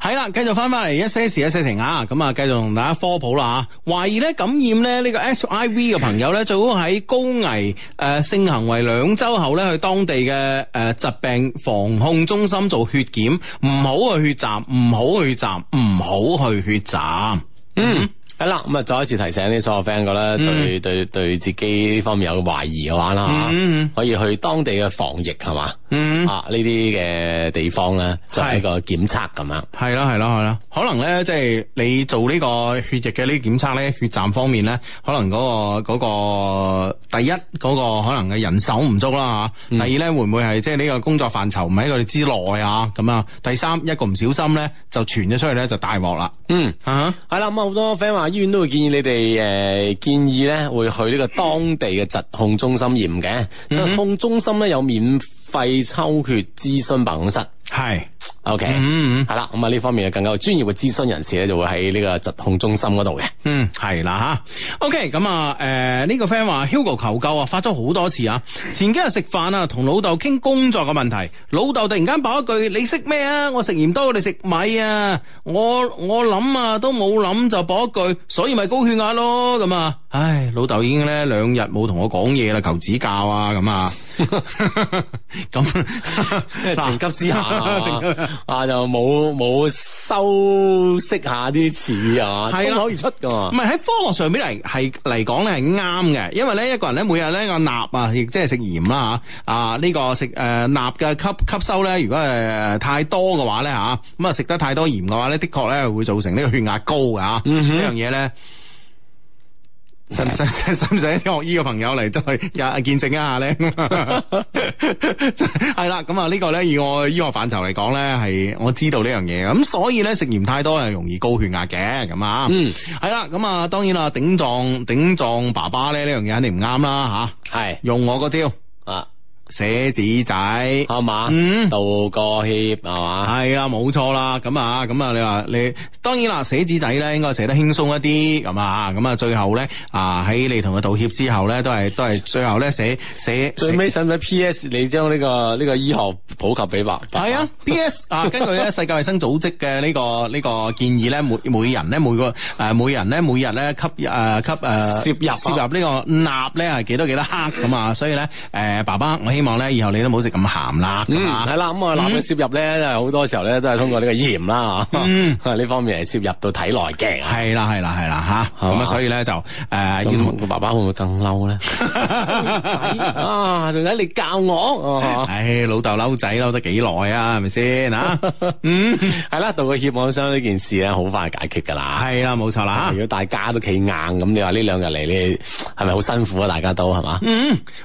係啦，繼續翻翻嚟，一些事一些情啊！咁啊，繼續同大家科普啦吓。懷、啊、疑咧感染咧呢、這個 SIV 嘅朋友咧，最好喺高危誒、呃、性行為兩周後咧去當地嘅誒、呃、疾病防控中心做血檢，唔好去血站，唔好去站，唔好去血站。血血嗯。係啦，咁啊，再一次提醒啲所有 friend 啦、嗯，對對對自己呢方面有懷疑嘅話啦，吓、嗯、可以去當地嘅防疫係嘛，
嗯、啊
呢啲嘅地方咧就呢個檢測咁啦。係啦係啦係啦，可能咧即係你做呢個血液嘅呢檢測咧，血站方面咧，可能嗰、嗰個、嗰個第一嗰、嗰個可能嘅人手唔足啦吓，嗯、第二咧會唔會係即係呢個工作範疇唔喺佢哋之內吓咁啊？第三一個唔小心咧就傳咗出去咧就大鑊啦。嗯啊，係啦，咁好多 friend 話。醫院都會建議你哋誒、呃、建議咧，會去呢個當地嘅疾控中心驗嘅。Mm hmm. 疾控中心咧有免。肺抽血諮詢辦公室係，OK，嗯嗯，係、嗯、啦，咁啊呢方面嘅更加有專業嘅諮詢人士咧，就會喺呢個疾控中心嗰度嘅。嗯，係啦吓 OK，咁啊誒呢、呃呢個 friend 話 Hugo 求救啊，發咗好多次啊。前幾日食飯啊，同老豆傾工作嘅問題，老豆突然間爆一句：你識咩啊？我食鹽多，你食米啊！我我諗啊都冇諗就爆一句，所以咪高血壓咯。咁啊，唉，老豆已經咧兩日冇同我講嘢啦，求指教啊咁啊。咁情急之下， 之下 啊，就冇冇修飾下啲詞 啊，衝可以出噶。唔係喺科學上邊嚟係嚟講咧係啱嘅，因為咧一個人咧每日咧個鈉啊，亦即係食鹽啦吓，啊呢個食誒鈉嘅吸吸收咧，如果係太多嘅話咧吓，咁啊食得太多鹽嘅話咧，的確咧會造成呢個血壓高㗎吓、啊嗯、哼呢樣嘢咧。使唔使？使唔使啲學醫嘅朋友嚟再見證一下咧？係 啦， 咁啊呢個咧以我醫學範疇嚟講咧，係我，我知道呢樣嘢。咁所以咧食鹽太多係容易高血壓嘅。咁啊，嗯，係啦。咁啊，當然啦，頂撞頂撞爸爸咧呢樣嘢肯定唔啱啦。吓，係用我個招。寫紙仔，好嘛？嗯，道個歉，係嘛？係啦，冇錯啦。咁啊，咁啊，你話你，當然啦，寫紙仔咧，應該寫得輕鬆一啲，咁啊，咁啊，最後咧，啊喺你同佢道歉之後咧，都係都係最後咧寫寫。最尾使唔使 P.S. 你將呢個呢個醫學普及俾爸爸？係啊，P.S. 啊，根據咧世界衛生組織嘅呢個呢個建議咧，每每人咧每個誒每人咧每日咧吸誒吸誒攝入攝入呢個鈉咧係幾多幾多克咁啊，所以咧誒，爸爸我希望咧，以後你都冇食咁鹹啦。係啦，咁啊，鹹嘅攝入咧，好多時候咧，都係通過呢個鹽啦。呢方面係攝入到體內嘅。係啦，係啦，係啦，嚇。咁啊，所以咧就燕誒，爸爸會唔會更嬲咧？啊，仲睇你教我？係老豆嬲仔嬲得幾耐啊？係咪先啊？嗯，係啦，道個歉，我商呢件事咧，好快解決㗎啦。係啦，冇錯啦。如果大家都企硬咁，你話呢兩日嚟，你係咪好辛苦啊？大家都係嘛？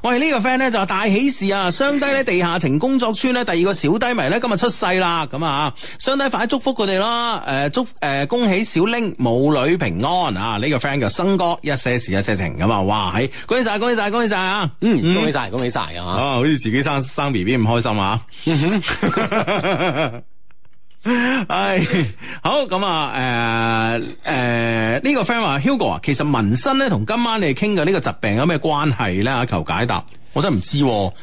喂，呢個 friend 咧就大喜事。是啊，雙低咧，地下情工作村咧，第二個小低迷咧，今日出世啦，咁啊，雙低快祝福佢哋啦，誒祝誒、呃、恭喜小玲母女平安啊！呢、這個 friend 就生哥，一些事一些情咁啊，哇，恭喜晒，恭喜晒，恭喜晒啊！嗯，恭喜晒，恭喜晒啊，好似自己生生 BB 唔開心啊！唉、嗯
哼
哎，好咁啊，誒、呃、誒，呢、呃這個 friend 話 Hugo 啊，go, 其實紋身咧同今晚你哋傾嘅呢個疾病有咩關係咧？求解答。我真係唔知，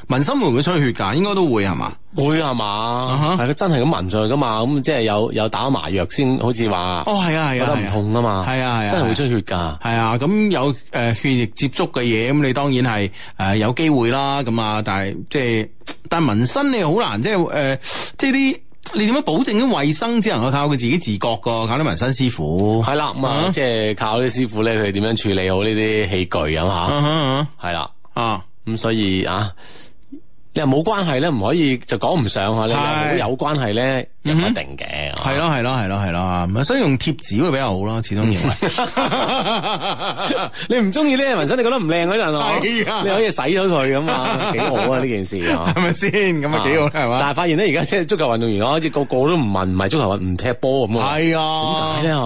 紋身會唔會出血噶？應該都會係、uh huh. 嘛？會係嘛？係佢真係咁紋上去噶嘛？咁即係有有打麻藥先，好似話哦，係啊係啊，打、啊、得唔痛啊嘛，係啊係啊，真係會出血噶。係、uh huh. 啊，咁、嗯、有誒血液接觸嘅嘢，咁你當然係誒有機會啦。咁啊，但係即係但係紋身你好難，即係誒、呃、即係啲你點樣保證啲衞生，只能夠靠佢自己自覺個。靠啲紋身師傅係啦，咁啊、uh，huh. 即係靠啲師傅咧，佢點樣處理好呢啲器具咁嚇？係啦，啊。咁所以啊。你話冇關係咧，唔可以就講唔上嚇；你如果有關係咧，又唔一定嘅。係咯，係咯，係咯，係咯。所以用貼紙會比較好咯，始終要。你唔中意呢個紋身，你覺得唔靚嗰陣，你可以洗咗佢咁嘛，幾好啊呢件事，係咪先？咁啊幾好係嘛？但係發現咧，而家即係足球運動員，好似個個都唔紋，唔係足球運，唔踢波咁啊。係啊，點解咧嚇？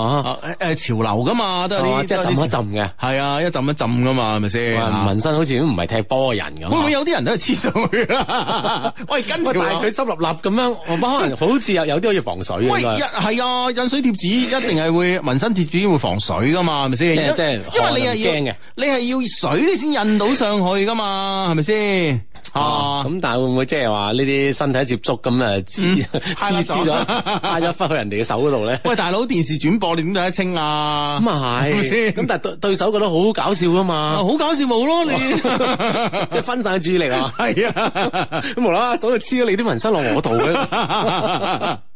誒潮流噶嘛，都係啲即係浸一浸嘅。係啊，一浸一浸噶嘛，係咪先？紋身好似都唔係踢波人咁。會唔會有啲人都係黐上去？ 喂，跟住我喂，但係佢濕立立咁樣，唔不 可能，好似有有啲可以防水㗎嘛？喂，係啊，印水貼紙一定係會紋身 貼紙會防水噶嘛？係咪先？即係 因，因為你係要 你係要水你先印到上去噶嘛？係咪先？哦，咁、啊啊、但係會唔會即係話呢啲身體接觸咁啊，黐黐咗，拉咗翻去人哋嘅手嗰度咧？喂，大佬電視轉播你點睇得清啊？咁啊係，咁先。咁但係對對手覺得好搞笑㗎嘛？好、啊、搞笑冇咯，你哇 即係分散注意力 啊？係啊，咁無啦啦手就黐咗你啲紋身落我度嘅。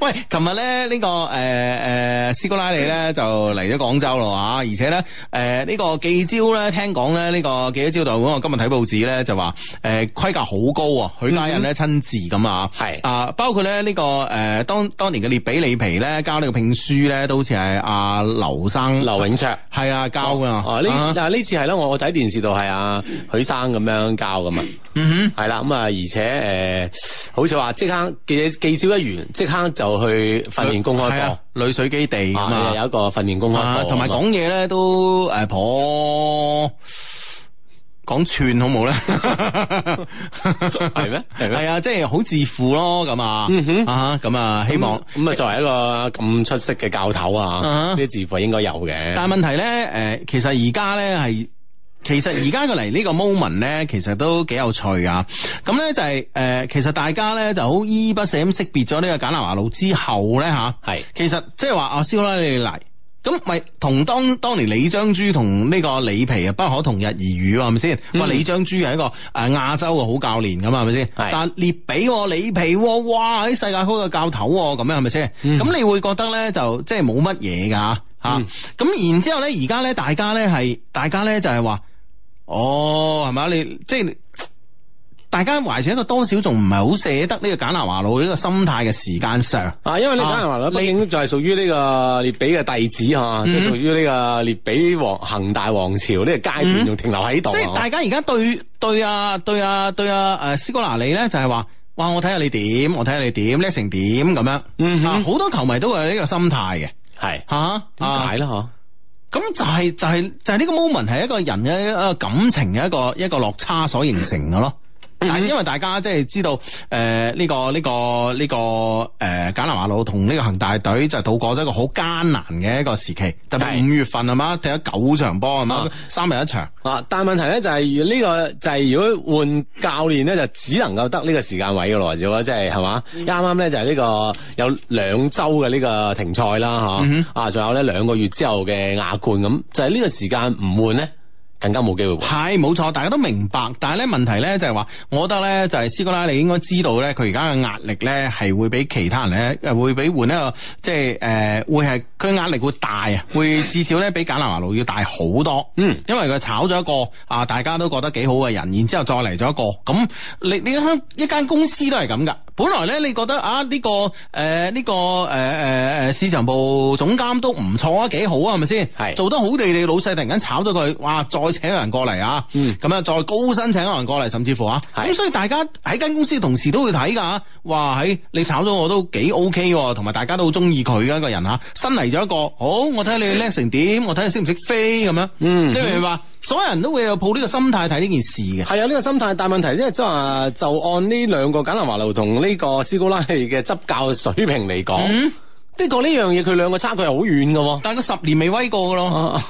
喂，琴日咧呢個誒誒斯哥拉利咧就嚟咗廣州咯啊，而且咧誒呢個記招咧聽講咧呢個記者招待會，我今日睇報紙咧就話誒規格好高啊，許家印咧親自咁啊，係啊，包括咧呢個誒當當年嘅列比里皮咧交呢個聘書咧，都好似係阿劉生劉永卓係啊交噶，啊呢但係呢次係咧我我睇電視度係啊，許生咁樣交噶嘛，嗯哼，係啦咁啊而且誒好似話即刻記記招一完即刻。就去訓練公開課、啊，里水基地嘛、啊，有一個訓練公開課，同埋講嘢咧都誒，頗講串好冇咧，係咩？係咩？係啊，即係好自負咯，咁、嗯、哼啊，啊咁啊，啊，希望咁啊，作為一個咁出色嘅教頭啊，呢啲、啊、自負應該有嘅。但係問題咧，誒、嗯，其實而家咧係。其實而家個嚟呢個 moment 咧，其實都幾有趣啊！咁咧就係誒，其實大家咧就好依依不捨咁識別咗呢個簡南華路之後咧嚇，係、啊、是其實即係話阿斯科你嚟，咁咪同當當年李章洙同呢個李皮啊不可同日而語喎，係咪先？話、嗯、李章洙係一個誒、啊、亞洲嘅好教練噶嘛，係咪先？是但列比、哦、李皮、哦、哇喺世界級嘅教頭喎、哦，咁樣係咪先？咁、嗯、你會覺得咧就即係冇乜嘢㗎嚇，咁、啊嗯啊、然之後咧，而家咧大家咧係大家咧就係話。哦，係咪你即係大家懷住一個多少仲唔係好捨得呢個簡拿華路呢個心態嘅時間上啊，因為呢簡拿華路畢竟就係屬於呢個列比嘅弟子吓，即係屬於呢個列比王、恒大王朝呢個階段，仲停留喺度。嗯、哼即係大家而家對對啊對啊對啊誒、啊、斯哥拿利咧，就係、是、話哇我睇下你點，我睇下你點叻成點咁樣，嗯好哼、啊、多球迷都係呢個心態嘅，係吓點解咧嗬？啊啊啊咁就係、是、就係、是、就係、是、呢個 moment 係一個人嘅一個感情嘅一個一個落差所形成嘅咯。係，嗯、因為大家即係知道，誒、呃、呢、這個呢、這個呢、這個誒、呃、簡南華路同呢個恒大隊就係度過咗一個好艱難嘅一個時期，嗯、哼就係五月份係嘛，踢咗九場波係嘛，嗯、哼三日一場。啊，但係問題咧就係、是這個，呢個就係如果換教練咧，就只能夠得呢個時間位嘅來之喎，即係係嘛，啱啱咧就係呢、這個有兩周嘅呢個停賽啦，吓，啊，仲、嗯、哼有咧兩個月之後嘅亞冠咁，就係、是、呢個時間唔換咧。更加冇機會。係冇錯，大家都明白。但係咧問題咧就係話，我覺得咧就係、是、斯哥拉你應該知道咧，佢而家嘅壓力咧係會比其他人咧誒會比換一個即係誒、呃、會係佢壓力會大啊，會至少咧比簡南華路要大好多。嗯，因為佢炒咗一個啊，大家都覺得幾好嘅人，然之後再嚟咗一個咁，你你睇一間公司都係咁㗎。本來咧你覺得啊呢、呢個誒呢、呃呢個誒誒誒市場部總監都唔錯啊，幾好啊係咪先？係是做得好地地老細，突然間炒咗佢，哇再請人過嚟啊，咁樣、嗯、再高薪請人過嚟，甚至乎啊，咁的所以大家喺間公司同事都會睇噶，哇！喺、哎、你炒咗我都幾 OK 喎，同埋大家都好中意佢嘅一個人吓，新嚟咗一個，好，我睇下你叻成點，我睇下識唔識飛咁樣，嗯、你明唔明白？嗯、所有人都會有抱呢個心態睇呢件事嘅，係啊，呢、這個心態，但係問題即係即係話，就按呢兩個簡拿華路同呢個斯高拉利嘅執教水平嚟講。嗯的確呢樣嘢佢兩個差距係好遠嘅，但係佢十年未威過嘅咯，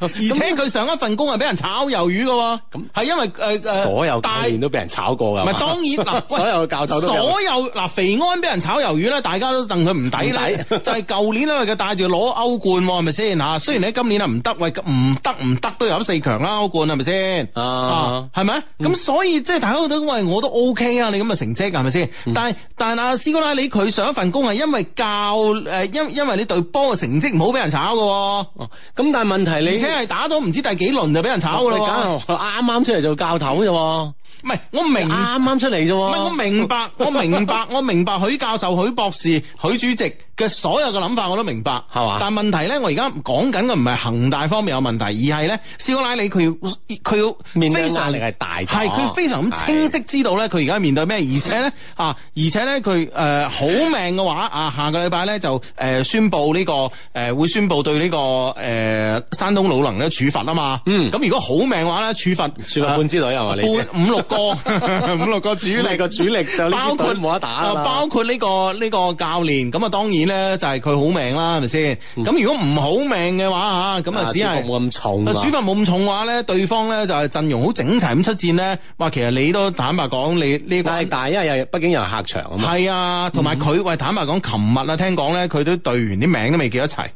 而且佢上一份工係俾人炒魷魚嘅。咁係因為誒所有教練都俾人炒過嘅，唔係當然所有教授，所有嗱肥安俾人炒魷魚咧，大家都戥佢唔抵抵，就係舊年咧佢帶住攞歐冠係咪先吓？雖然你今年啊唔得，喂唔得唔得都有四強啦，歐冠係咪先？啊，係咪？咁所以即係大家都都話我都 OK 啊，你咁嘅成績係咪先？但係但係阿斯哥拉里佢上一份工係因為。教誒，因、呃、因為你對波嘅成績唔好，俾人炒嘅、啊，咁、哦、但係問題你而且係打到唔知第幾輪就俾人炒嘅啦、啊，啱啱然出嚟做教頭啫、啊，唔係我唔明啱啱出嚟啫，唔係我明白，我明白，我明白，許 教授、許博士、許主席。嘅所有嘅諗法我都明白，係嘛吧？但係問題咧，我而家講緊嘅唔係恒大方面有問題，而係咧，少拉里佢要佢要，要面對壓力係大，係佢非常咁清晰知道咧，佢而家面對咩？而且咧啊，而且咧佢誒好命嘅話啊， 下個禮拜咧就誒、呃、宣布呢、這個誒、呃、會宣布對呢、這個誒、呃、山東魯能咧處罰啊嘛。嗯。咁如果好命嘅話咧，處罰處罰半支隊係嘛？半你五六個 五六個主力嘅主力就包括冇得打包括呢、這個呢、這個這個教練咁啊，當然，當然咧就係佢好命啦，係咪先？咁、嗯、如果唔好命嘅話啊，咁啊只係冇咁重。主罰冇咁重嘅話咧，對方咧就係陣容好整齊咁出戰咧。話其實你都坦白講，你呢、這個但係因為又畢竟又係客場啊嘛。係、嗯、啊，同埋佢喂坦白講，琴日啊聽講咧，佢都隊員啲名都未記得齊，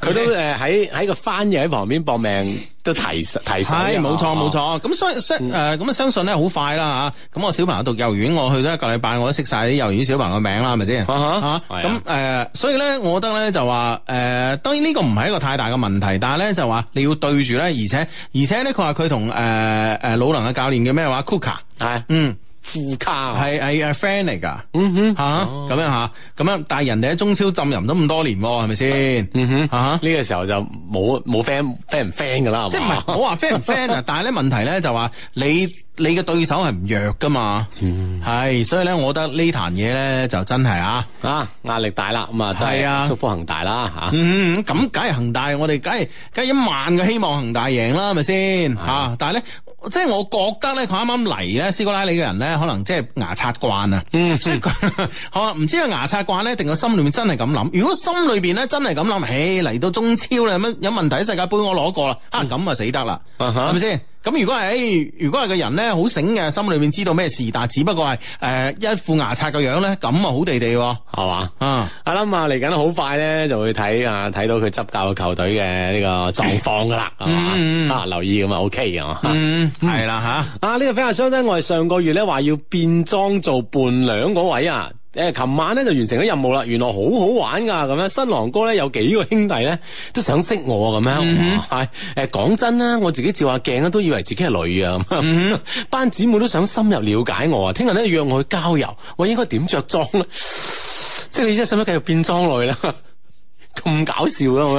佢都誒喺喺個翻譯喺旁邊搏命。都提提係冇錯冇錯。咁相相誒，咁啊相信，咧好快啦嚇。咁我小朋友讀幼兒園，我去咗一個禮拜，我都識晒啲幼兒園小朋友嘅名啦，係咪先？咁誒、啊，所以咧，我覺得咧就話誒，當然呢個唔係一個太大嘅問題，但係咧就話你要對住咧，而且而且咧佢話佢同誒誒魯能嘅教練叫咩話 Cuca，係嗯。哎呀嗯嗯副卡係係誒 friend 嚟噶，嗯哼吓咁樣吓咁樣，但係人哋喺中超浸淫咗咁多年，係咪先？嗯哼吓，呢、啊、個時候就冇冇 friend，friend 唔 friend 噶啦，fan, fan, fan 即係唔係我話 friend 唔 friend 啊？但係咧問題咧就話你你嘅對手係唔弱噶嘛，係所以咧，我覺得呢壇嘢咧就真係啊啊壓力大啦，咁啊，祝福恒大啦吓，咁梗係恒大，我哋梗係梗係一萬嘅希望恒大贏啦，係咪先吓？但係咧。即係我覺得咧，佢啱啱嚟咧，斯哥拉里嘅人咧，可能即係牙刷慣啊，嗯、即係好啊，唔 知係牙刷慣咧定係心裏面真係咁諗？如果心裏邊咧真係咁諗，起，嚟到中超咧，有乜有問題？世界盃我攞過啦，嚇咁啊死得啦，係咪先？咁如果係，誒，如果係個人咧好醒嘅，心裏面知道咩事，但只不過係，誒、呃，一副牙刷嘅樣咧，咁啊好地地，係嘛，啊，阿啦啊，嚟緊好快咧，就會睇啊，睇到佢執教嘅球隊嘅呢個狀況噶啦，係嘛，啊，留意咁啊，O K 嘅，係啦吓，啊，呢、嗯嗯啊呢個比較相，我係上個月咧話要變裝做伴娘嗰位啊。誒，琴晚咧就完成咗任務啦，原來好好玩噶，咁樣新郎哥咧有幾個兄弟咧都想識我咁樣，係誒，講真啦，我自己照下鏡咧都以為自己係女啊，mm hmm. 班姊妹都想深入了解我啊，聽日咧約我去郊遊，我應該點着裝咧？即係你而家使唔使繼續變裝女啦？咁搞笑咯！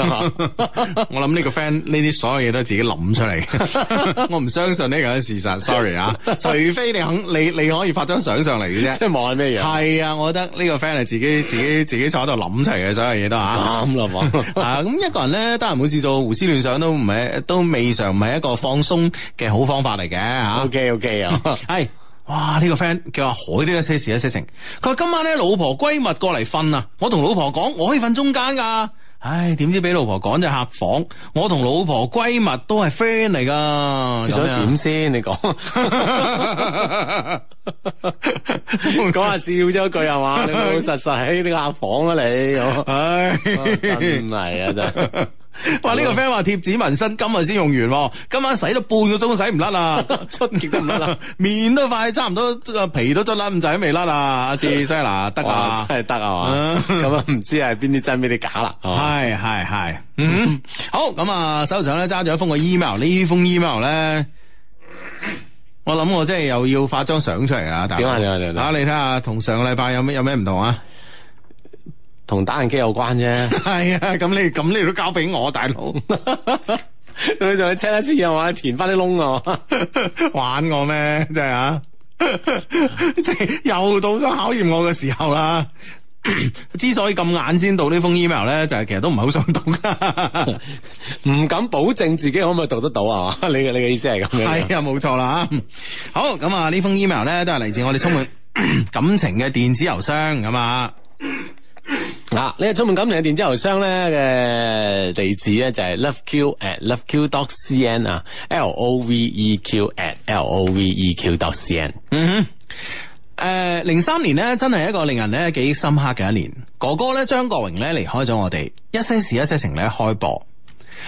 我諗呢個 friend 呢啲所有嘢都係自己諗出嚟， 我唔相信呢個係事實。Sorry 啊，除非 你肯你你可以發張相上嚟嘅啫，即係望係咩嘢？係啊，我覺得呢個 friend 係自己自己自己坐喺度諗齊嘅所有嘢都啊，咁、 啊、一個人呢，得閒冇事做，胡思亂想都唔係都未嘗唔係一個放鬆嘅好方法嚟嘅吓。啊、OK OK 啊，係。哇！呢、呢個 friend 叫阿海，啲一些事，一些情。佢話今晚咧，老婆閨蜜過嚟瞓啊！我同老婆講，我可以瞓中間噶。唉，點知俾老婆講咗客房。我同老婆閨蜜都係 friend 嚟噶。咁樣點先？你講講下笑咗一句係嘛？你老老實實喺呢個客房啊！你， 唉， 真係啊！真。話呢個 friend 話貼紙紋身今日先用完，今晚洗咗半個鐘都洗唔甩啊，捽，亦都唔甩，面都快差唔多，皮都捽甩唔晒，都未甩啊！阿志真係嗱得啊，真係得啊嘛，咁啊唔知係邊啲真邊啲假啦，係係係，嗯，好咁啊，手上咧揸住一封個 email，呢封 email 咧我諗我真係又要發張相出嚟啊，點啊點啊點啊，你睇下同上個禮拜有咩有咩唔同啊？同打印機有關啫，係啊、哎！咁你咁你都交俾我，大佬， 你仲要 check 一次啊？嘛， 填翻啲窿啊？玩我咩？真係啊！即係又到咗考驗我嘅時候啦。 之所以咁眼先到呢封 email 咧，就係、是、其實都唔係好想讀㗎，唔 敢保證自己可唔可以讀得到啊？ 你嘅你嘅意思係咁？係啊、哎，冇錯啦。好，咁啊，呢封 email 咧都係嚟自我哋充滿感情嘅電子郵箱咁啊。 嗱，呢個充滿感情嘅電子郵箱咧嘅地址咧就係、是、loveq at loveq dot cn 啊，l o v e q at l o v e q dot c n。嗯哼，誒、呃，零三年咧真係一個令人咧幾深刻嘅一年。哥哥咧張國榮咧離開咗我哋，一些事一些情咧開播，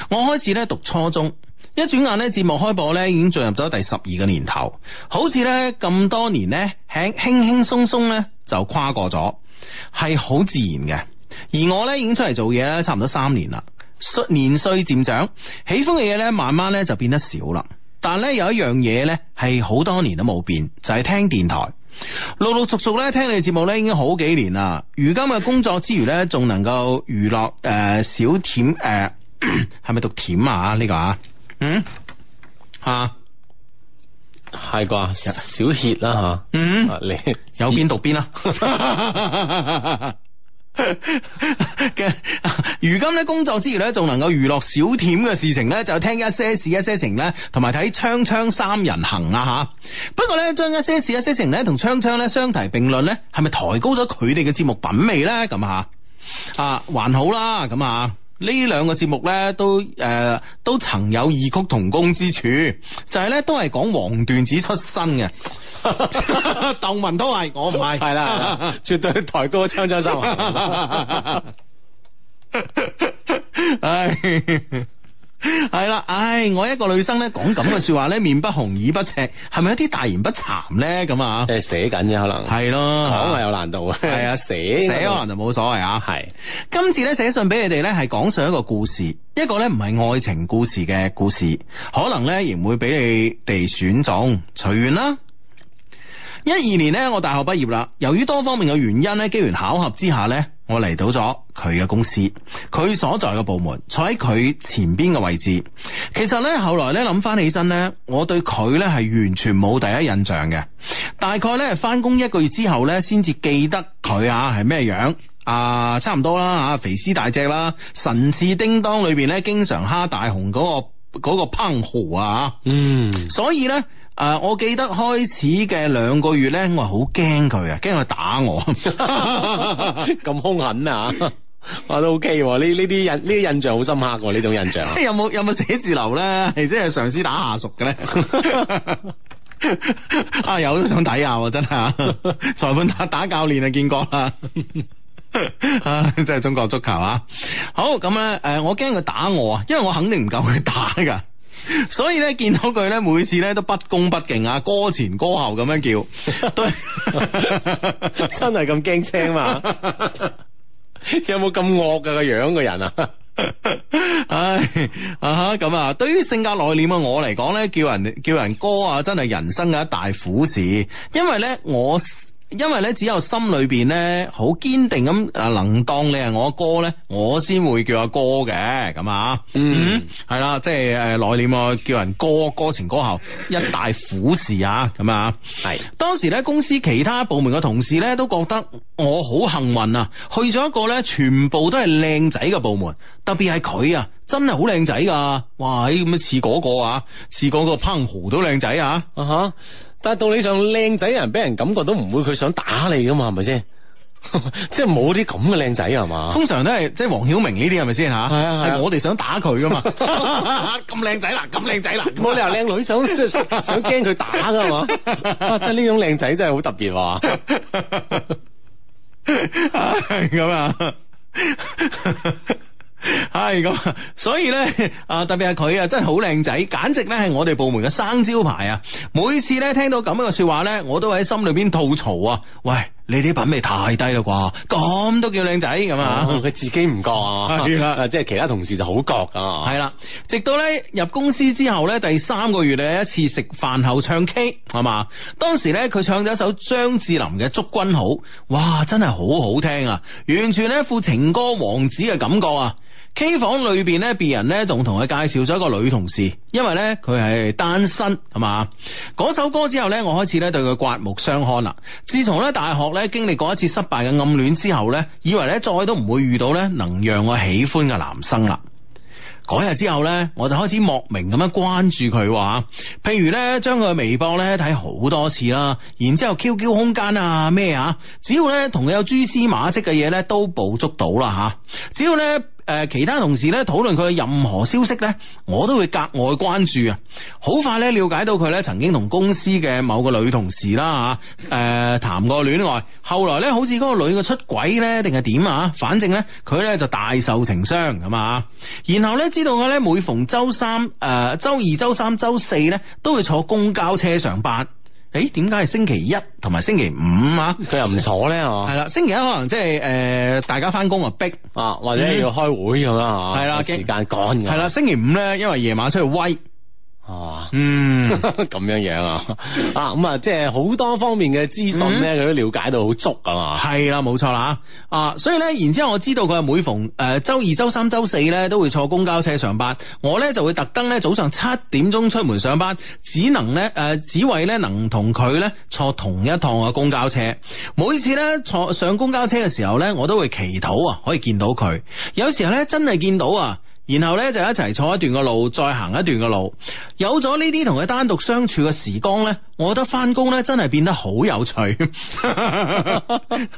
我開始咧讀初中，一轉眼咧節目開播咧已經進入咗第十二個年頭，好似咧咁多年咧輕輕輕松鬆咧就跨過咗。係好自然嘅，而我呢，已經出嚟做嘢咧，差唔多三年啦。年歲漸長，喜歡嘅嘢咧，慢慢呢就變得少啦。但呢，有一樣嘢呢係好多年都冇變，就係、是、聽電台陸陸續續呢，聽你嘅節目呢已經好幾年啦。如今嘅工作之餘呢，仲能夠娛樂誒，小舔誒，係、呃、咪讀舔啊？呢、這個啊，
嗯
吓？啊係啩，小歇啦吓，嗯，啊、你有邊讀邊啦嘅。 如今咧工作之餘咧，仲能夠娛樂小甜嘅事情咧，就聽一些事一些情咧，同埋睇《鏘鏘三人行》啊吓。不過咧，將一些事一些情咧同《鏘鏘》咧相提並論咧，係咪抬高咗佢哋嘅節目品味咧？咁啊啊，還好啦，咁啊。兩節呢兩個節目咧都誒、呃、都曾有異曲同工之處，就係、是、咧都係講黃段子出身嘅，鄧 文都係，我唔係，係啦 絕對抬高槍槍收，唉。係啦， 唉，我一個女生咧講咁嘅說話咧，面不紅耳不赤，係咪有啲大言不慚咧？咁啊，寫緊啫可能，係咯，可能有難度嘅，係啊 對，寫寫可能就冇所謂啊。係今次咧寫信俾你哋咧，係講上一個故事，一個咧唔係愛情故事嘅故事，可能咧而唔會俾你哋選中，隨緣啦。一二年呢，我大學畢業啦。由於多方面嘅原因呢，機緣巧合之下呢，我嚟到咗佢嘅公司，佢所在嘅部門，坐喺佢前邊嘅位置。其實呢，後來呢，諗翻起身呢，我對佢呢係完全冇第一印象嘅。大概呢，翻工一個月之後呢，先至記得佢啊係咩樣啊，差唔多啦吓，肥屍大隻啦，神似叮當裏邊呢，經常蝦大雄嗰個嗰個胖豪啊嗯，所以呢。誒，uh, 我記得開始嘅兩個月咧，我係好驚佢啊，驚佢打我，咁 凶狠啊！我 都 OK 喎，啊，呢呢啲印呢啲印象好深刻喎，啊，呢種印象。即係有冇有冇寫字樓咧，係即係上司打下屬嘅咧？ 啊，有都想睇下，啊，真係！ 裁判打打教練 啊，見過啦，即係真係中國足球啊！好咁咧，誒、呃，我驚佢打我啊，因為我肯定唔夠佢打噶。所以咧見到佢咧，每次咧都不恭不敬啊，歌前歌後咁樣叫，真係咁驚青嘛？有冇咁惡噶個樣嘅人啊？唉啊咁啊！對於性格內斂啊我嚟講咧，叫人叫人歌啊，真係人生嘅一大苦事，因為咧我。因為咧，只有心裏邊咧好堅定咁啊，能當你係我哥咧，我先會叫阿哥嘅咁啊。嗯， 係、就、啦、是，即係誒內斂啊，叫人哥，哥情哥孝，一大苦事啊咁啊。係是當時咧，公司其他部門嘅同事咧都覺得我好幸運啊，去咗一個咧全部都係靚仔嘅部門，特別係佢啊，真係好靚仔噶。哇，咁樣似嗰個啊，似嗰個烹豪都靚仔啊。啊哈、uh。Huh. 但係道理上，靚仔人俾人感覺都唔會佢想打你噶嘛，係咪先？即係冇啲咁嘅靚仔啊嘛。通常都係即係黃曉明呢啲，係咪先吓？係 啊係，啊我哋想打佢噶嘛。咁 靚仔啦，咁靚仔啦，冇 理由靚女想想驚佢打噶嘛。即係呢種靚仔真係好特別哇。咁 啊。係咁，所以呢，啊，特別係佢啊，真係好靚仔，簡直呢係我哋部門嘅生招牌啊！每次呢，聽到咁樣嘅說話呢，我都喺心裏邊吐槽啊！喂，你啲品味太低啦啩，咁都叫靚仔咁啊？佢、啊、自己唔覺啊，啊，即係其他同事就好覺啊。係啦，直到呢入公司之後呢，第三個月呢一次食飯後唱 K 係嘛吧，當時呢，佢唱咗一首張智霖嘅《祝君好》，哇，真係好好聽啊！完全呢副情歌王子嘅感覺啊！K 房裏邊咧，別人咧仲同佢介紹咗一個女同事，因為咧佢係單身係嘛。嗰首歌之後咧，我開始咧對佢刮目相看啦。自從咧大學咧經歷過一次失敗嘅暗戀之後咧，以為咧再都唔會遇到咧能讓我喜歡嘅男生啦。嗰日之後咧，我就開始莫名咁樣關注佢話，譬如咧將佢嘅微博咧睇好多次啦，然之後 QQ 空間啊咩啊，只要咧同佢有蛛絲馬跡嘅嘢咧都捕捉到啦吓，只要咧。誒、呃，其他同事咧討論佢嘅任何消息咧，我都會格外關注啊！好快咧了解到佢咧曾經同公司嘅某個女同事啦吓，誒、啊、談過戀愛，後來咧好似嗰個女嘅出軌咧定係點啊？反正咧佢咧就大受情傷咁啊！然後咧知道我咧每逢周三誒、呃、周二、周三、周四咧都會坐公交車上班。誒，點解係星期一同埋星期五啊？佢又唔坐咧哦？係啦，星期一可能即係誒，大家翻工啊，逼啊，或者要開會咁樣啊，係啦，時間趕嘅。係啦，星期五咧，因為夜晚出去威。哦，嗯， 咁、啊、樣樣啊，啊，咁、嗯、啊，嗯、即係好多方面嘅資訊呢，佢都了解到好足啊嘛，係啦、嗯，冇錯啦，啊，所以呢，然之後我知道佢每逢誒、呃、周二、周三、周四呢都會坐公交車上班，我呢就會特登呢早上七點鐘出門上班，只能呢，誒、呃、只為呢能同佢呢坐同一趟嘅公交車，每次呢，坐上公交車嘅時候呢，我都會祈禱啊可以見到佢，有時候呢，真係見到啊。然後咧就一齊坐一段個路，再行一段個路。有咗呢啲同佢單獨相處嘅時光咧，我覺得翻工咧真係變得好有趣，真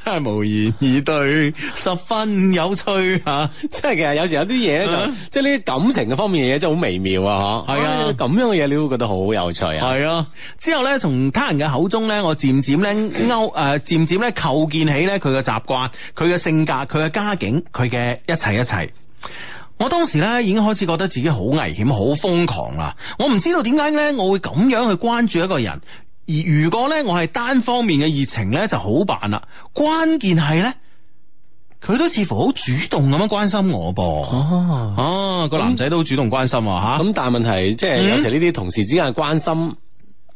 係 無言以對，十分有趣吓、啊。即係其實有時候有啲嘢就是啊、即係呢啲感情嘅方面嘅嘢，真係好微妙啊！吓，係啊，咁、哎、樣嘅嘢你會覺得好有趣啊。係啊。之後咧，從他人嘅口中咧，我漸漸咧勾誒，漸漸咧構建起咧佢嘅習慣、佢嘅性格、佢嘅家境、佢嘅一切一切。我當時咧已經開始覺得自己好危險、好瘋狂啦！我唔知道點解咧我會咁樣去關注一個人，而如果咧我係單方面嘅熱情咧就好辦啦。關鍵係咧，佢都似乎好主動咁樣關心我噃。哦、啊，啊個男仔都主動關心吓。咁、啊嗯、但係問題即係有時呢啲同事之間嘅關心，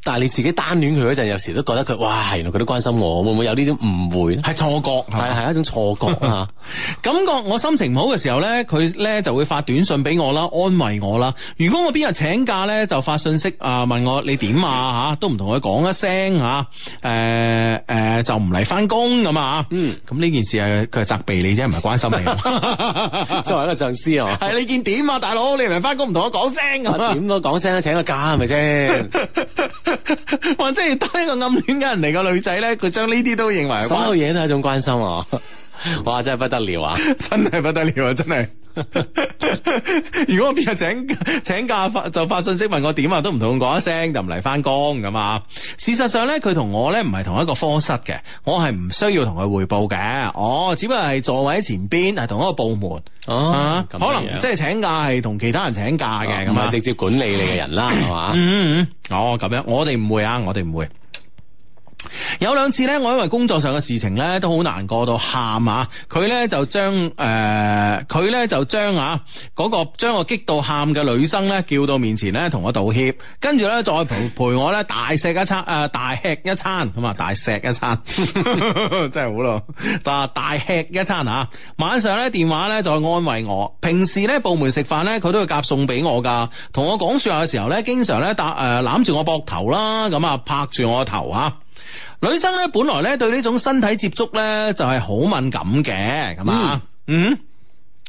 但係你自己單戀佢嗰陣，有時都覺得佢哇，原來佢都關心我，會唔會有呢啲誤會咧？係錯覺，係係、啊、一種錯覺啊！ 感覺我心情唔好嘅時候咧，佢咧就會發短信俾我啦，安慰我啦。如果我邊日請假咧，就發信息啊、呃、問我你點啊吓，都唔同佢講一聲吓，誒誒就唔嚟翻工咁啊。呃呃、嘛嗯，咁呢件事係佢係責備你啫，唔係關心你。
作為一
個上司啊，係 你見點啊，大佬你唔嚟翻工唔同我講聲啊，點 都講聲啦，請個假係咪先？ 或即係當一個暗戀嘅人嚟個女仔咧，佢將呢啲都認為所有嘢都係一種關心啊。 哇！真係不得了啊！ 不得了啊！真係不得了啊！真係。如果我邊日請請假，發就發信息問我點啊，都唔同佢講一聲就唔嚟翻工咁啊！ 事實上咧，佢同我咧唔係同一個科室嘅，我係唔需要同佢匯報嘅。哦，只不過係座位喺前邊，係同一個部門。哦，可能即係請假係同其他人請假嘅咁啊。直接管理你嘅人啦，係嘛？嗯。哦，咁樣，我哋唔會啊，我哋唔會。有兩次呢，我因為工作上嘅事情呢，都好難過到喊啊！佢呢，就將誒，佢、呃、呢就將啊嗰、嗰個將我激到喊嘅女生呢，叫到面前呢，同我道歉，跟住呢，再陪陪我呢，大食一餐誒，大吃一餐咁啊，大食一餐 真係好咯！啊， 大吃一餐啊！晚上呢，電話呢，再安慰我。平時呢，部門食飯呢，佢都會夾餸俾我噶。同我講說話嘅時候呢，經常呢，搭誒攬住我膊頭啦，咁啊拍住我頭啊！女生咧，本來咧對呢種身體接觸咧就係好敏感嘅，係嘛？嗯，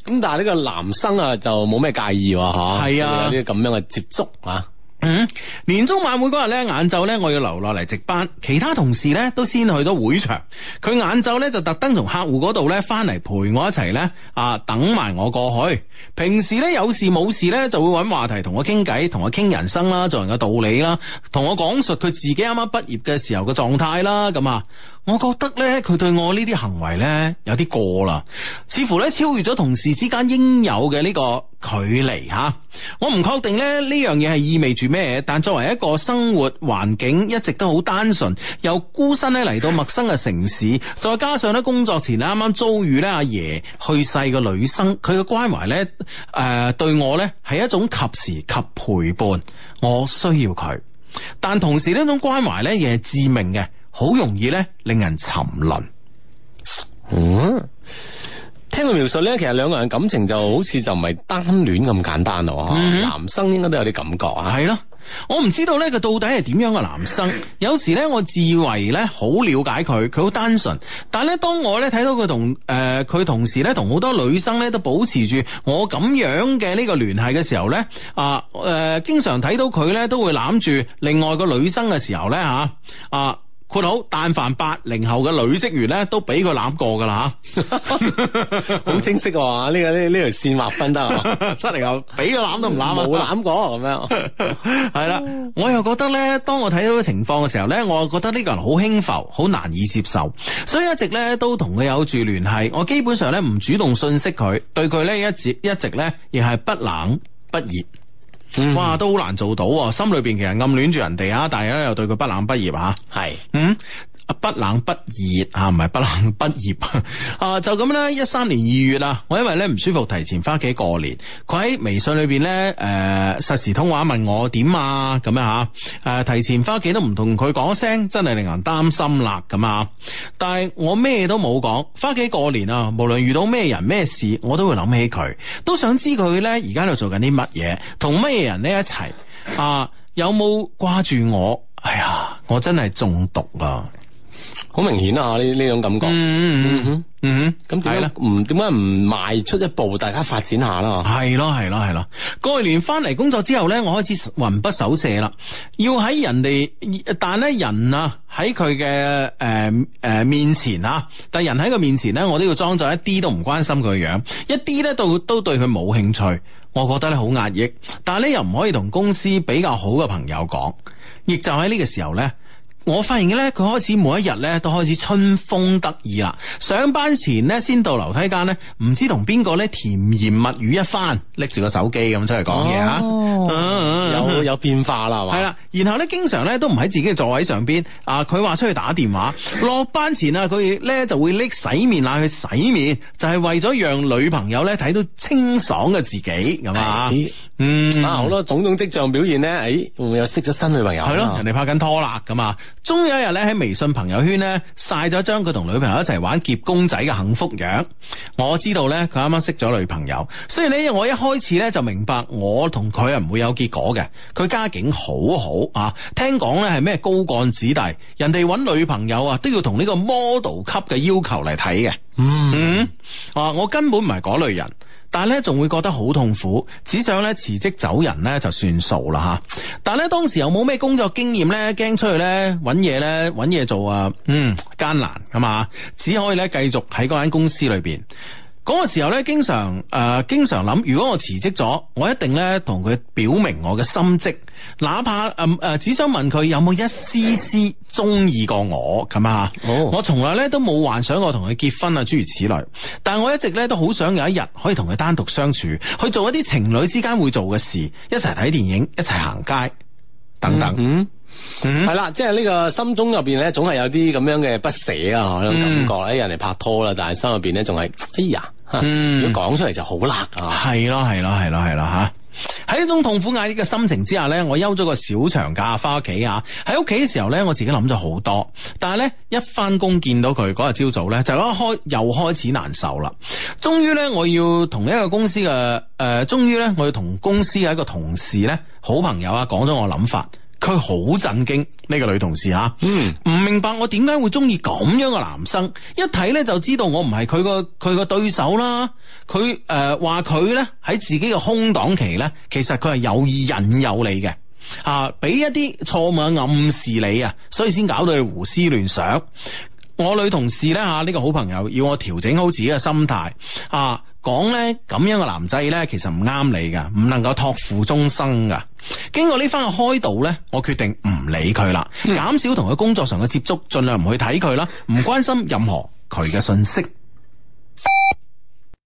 咁吧、嗯、但係呢個男生啊就冇咩介意吓，係啊，呢啲咁樣嘅接觸啊。嗯，年終晚會嗰日咧，晏晝咧，我要留落嚟值班，其他同事咧都先去到會場，佢晏晝咧就特登從客戶嗰度咧翻嚟陪我一齊咧，啊，等埋我過去。平時咧有事冇事咧，就會揾話題同我傾偈，同我傾人生啦，做人嘅道理啦，同我講述佢自己啱啱畢業嘅時候嘅狀態啦，咁啊。我覺得咧，佢對我呢啲行為咧有啲過啦，似乎咧超越咗同事之間應有嘅呢個距離吓。我唔確定咧呢樣嘢係意味住咩，但作為一個生活環境一直都好單純又孤身咧嚟到陌生嘅城市，再加上咧工作前啱啱遭遇咧阿爺去世嘅女生，佢嘅關懷咧誒對我咧係一種及時及陪伴，我需要佢，但同時呢種關懷咧亦係致命嘅。好容易咧，令人沉淪。嗯、mm，hmm. 聽到描述咧，其實兩個人感情就好似就唔係單戀咁簡單咯。Mm hmm. 男生應該都有啲感覺啊。係咯，我唔知道咧，佢到底係點樣嘅男生。 有時咧，我自以為咧好了解佢，佢好單純。但係咧，當我咧睇到佢同誒佢、呃、同時咧同好多女生咧都保持住我咁樣嘅呢個聯繫嘅時候咧啊誒，經常睇到佢咧都會攬住另外個女生嘅時候咧吓啊！呃括好，但凡八零後嘅女職員咧，都俾佢攬過噶啦，好清晰喎。呢、啊，這個呢呢條線劃分得，七零後又俾佢攬都唔攬啊，冇 攬過咁樣。係啦， 我又覺得咧，當我睇到情況嘅時候咧，我啊覺得呢個人好輕浮，好難以接受，所以一直咧都同佢有住聯繫。我基本上咧唔主動訊息佢，對佢咧一直一直咧亦係不冷不熱。嗯、哇，都好難做到啊、哦！心裏邊其實暗戀住人哋啊，但係咧又對佢不冷不熱吓。係，嗯。不冷不熱吓，唔係不冷不熱啊！ 就咁啦，一三年二月啊，我因為咧唔舒服，提前翻屋企過年。佢喺微信裏邊咧，誒、呃、實時通話問我點啊，咁樣吓，誒、啊，提前翻屋企都唔同佢講聲，真係令人擔心啦咁啊！但係我咩都冇講，翻屋企過年啊，無論遇到咩人咩事，我都會諗起佢，都想知佢咧而家喺度做緊啲乜嘢，同咩人呢一齊啊？有冇掛住我？哎呀，我真係中毒啦！好明顯啊！呢呢種感覺，嗯嗯嗯，咁點解唔點解唔邁出一步，大家發展下啦？係咯係咯係咯！過年翻嚟工作之後呢，我開始魂不守舍啦，要喺人哋，但係咧人啊喺佢嘅，誒誒面前啊，但係人喺佢面前呢，我都要裝作一啲都唔關心佢嘅樣，一啲咧都都對佢冇興趣，我覺得咧好壓抑，但係咧又唔可以同公司比較好嘅朋友講，亦就喺呢個時候呢。我發現嘅咧，佢開始每一日咧都開始春風得意啦。上班前咧，先到樓梯間咧，唔知同邊個咧甜言蜜語一番，拎住個手機咁出嚟講嘢啊。Oh. Uh uh. 有有變化啦，係嘛？係啦，然後咧，經常咧都唔喺自己嘅座位上邊。啊，佢話出去打電話，落班前啊，佢咧就會拎洗面奶去洗面，就係、是、為咗讓女朋友咧睇到清爽嘅自己，咁嘛？哎、嗯，啊，好多種種跡象表現咧，誒、哎，又會會識咗新女朋友。係咯，人哋拍緊拖啦，咁啊，終有一日咧喺微信朋友圈咧晒咗張佢同女朋友一齊玩劫公仔嘅幸福樣。我知道咧，佢啱啱識咗女朋友，所以咧我一開始咧就明白我同佢係唔會有結果嘅。佢家境好好啊，聽講咧係咩高幹子弟，人哋揾女朋友啊都要同呢個 model 級嘅要求嚟睇嘅。嗯，啊，嗯，我根本唔係嗰類人，但係咧仲會覺得好痛苦，只想咧辭職走人咧就算數啦吓。但係咧當時又冇咩工作經驗咧，驚出去咧搵嘢咧搵嘢做啊，嗯，艱難係嘛，只可以咧繼續喺嗰間公司裏邊。嗰個時候咧、呃，經常誒，經常諗，如果我辭職咗，我一定咧同佢表明我嘅心跡，哪怕誒誒、呃，只想問佢有冇一絲絲中意過我咁啊！Oh. 我從來咧都冇幻想過同佢結婚啊，諸如此類。但我一直咧都好想有一日可以同佢單獨相處，去做一啲情侶之間會做嘅事，一齊睇電影，一齊行街，等等。Mm hmm. 係啦、嗯，即係呢個心中入邊呢，總係有啲咁樣嘅不捨啊，呢種感覺喺、嗯、人哋拍拖啦，但係心入邊呢，仲係哎呀，要、嗯、如果講出嚟就好辣啊。係咯，係咯，係咯，係咯吓。喺呢種痛苦壓抑嘅心情之下呢，我休咗個小長假翻屋企啊。喺屋企嘅時候呢，我自己諗咗好多，但係呢，一翻工見到佢嗰日朝早呢，就一開又開始難受啦。終於呢，我要同一個公司嘅誒，終於呢我要同公司嘅一個同事呢，好朋友啊講咗我諗法。佢好震驚，呢個女同事吓，嗯、唔明白我點解會中意咁樣嘅男生，一睇呢就知道我唔係佢個佢個對手啦。佢誒話佢咧喺自己嘅空檔期呢，其實佢係有意引誘你嘅啊，俾一啲錯誤嘅暗示你啊，所以先搞到你胡思亂想。我女同事呢，吓、啊、呢個好朋友要我調整好自己嘅心態啊。講咧咁樣嘅男仔咧，其實唔啱你噶，唔能夠託付終生噶。經過呢番嘅開導咧，我決定唔理佢啦，減少同佢工作上嘅接觸，盡量唔去睇佢啦，唔關心任何佢嘅信息。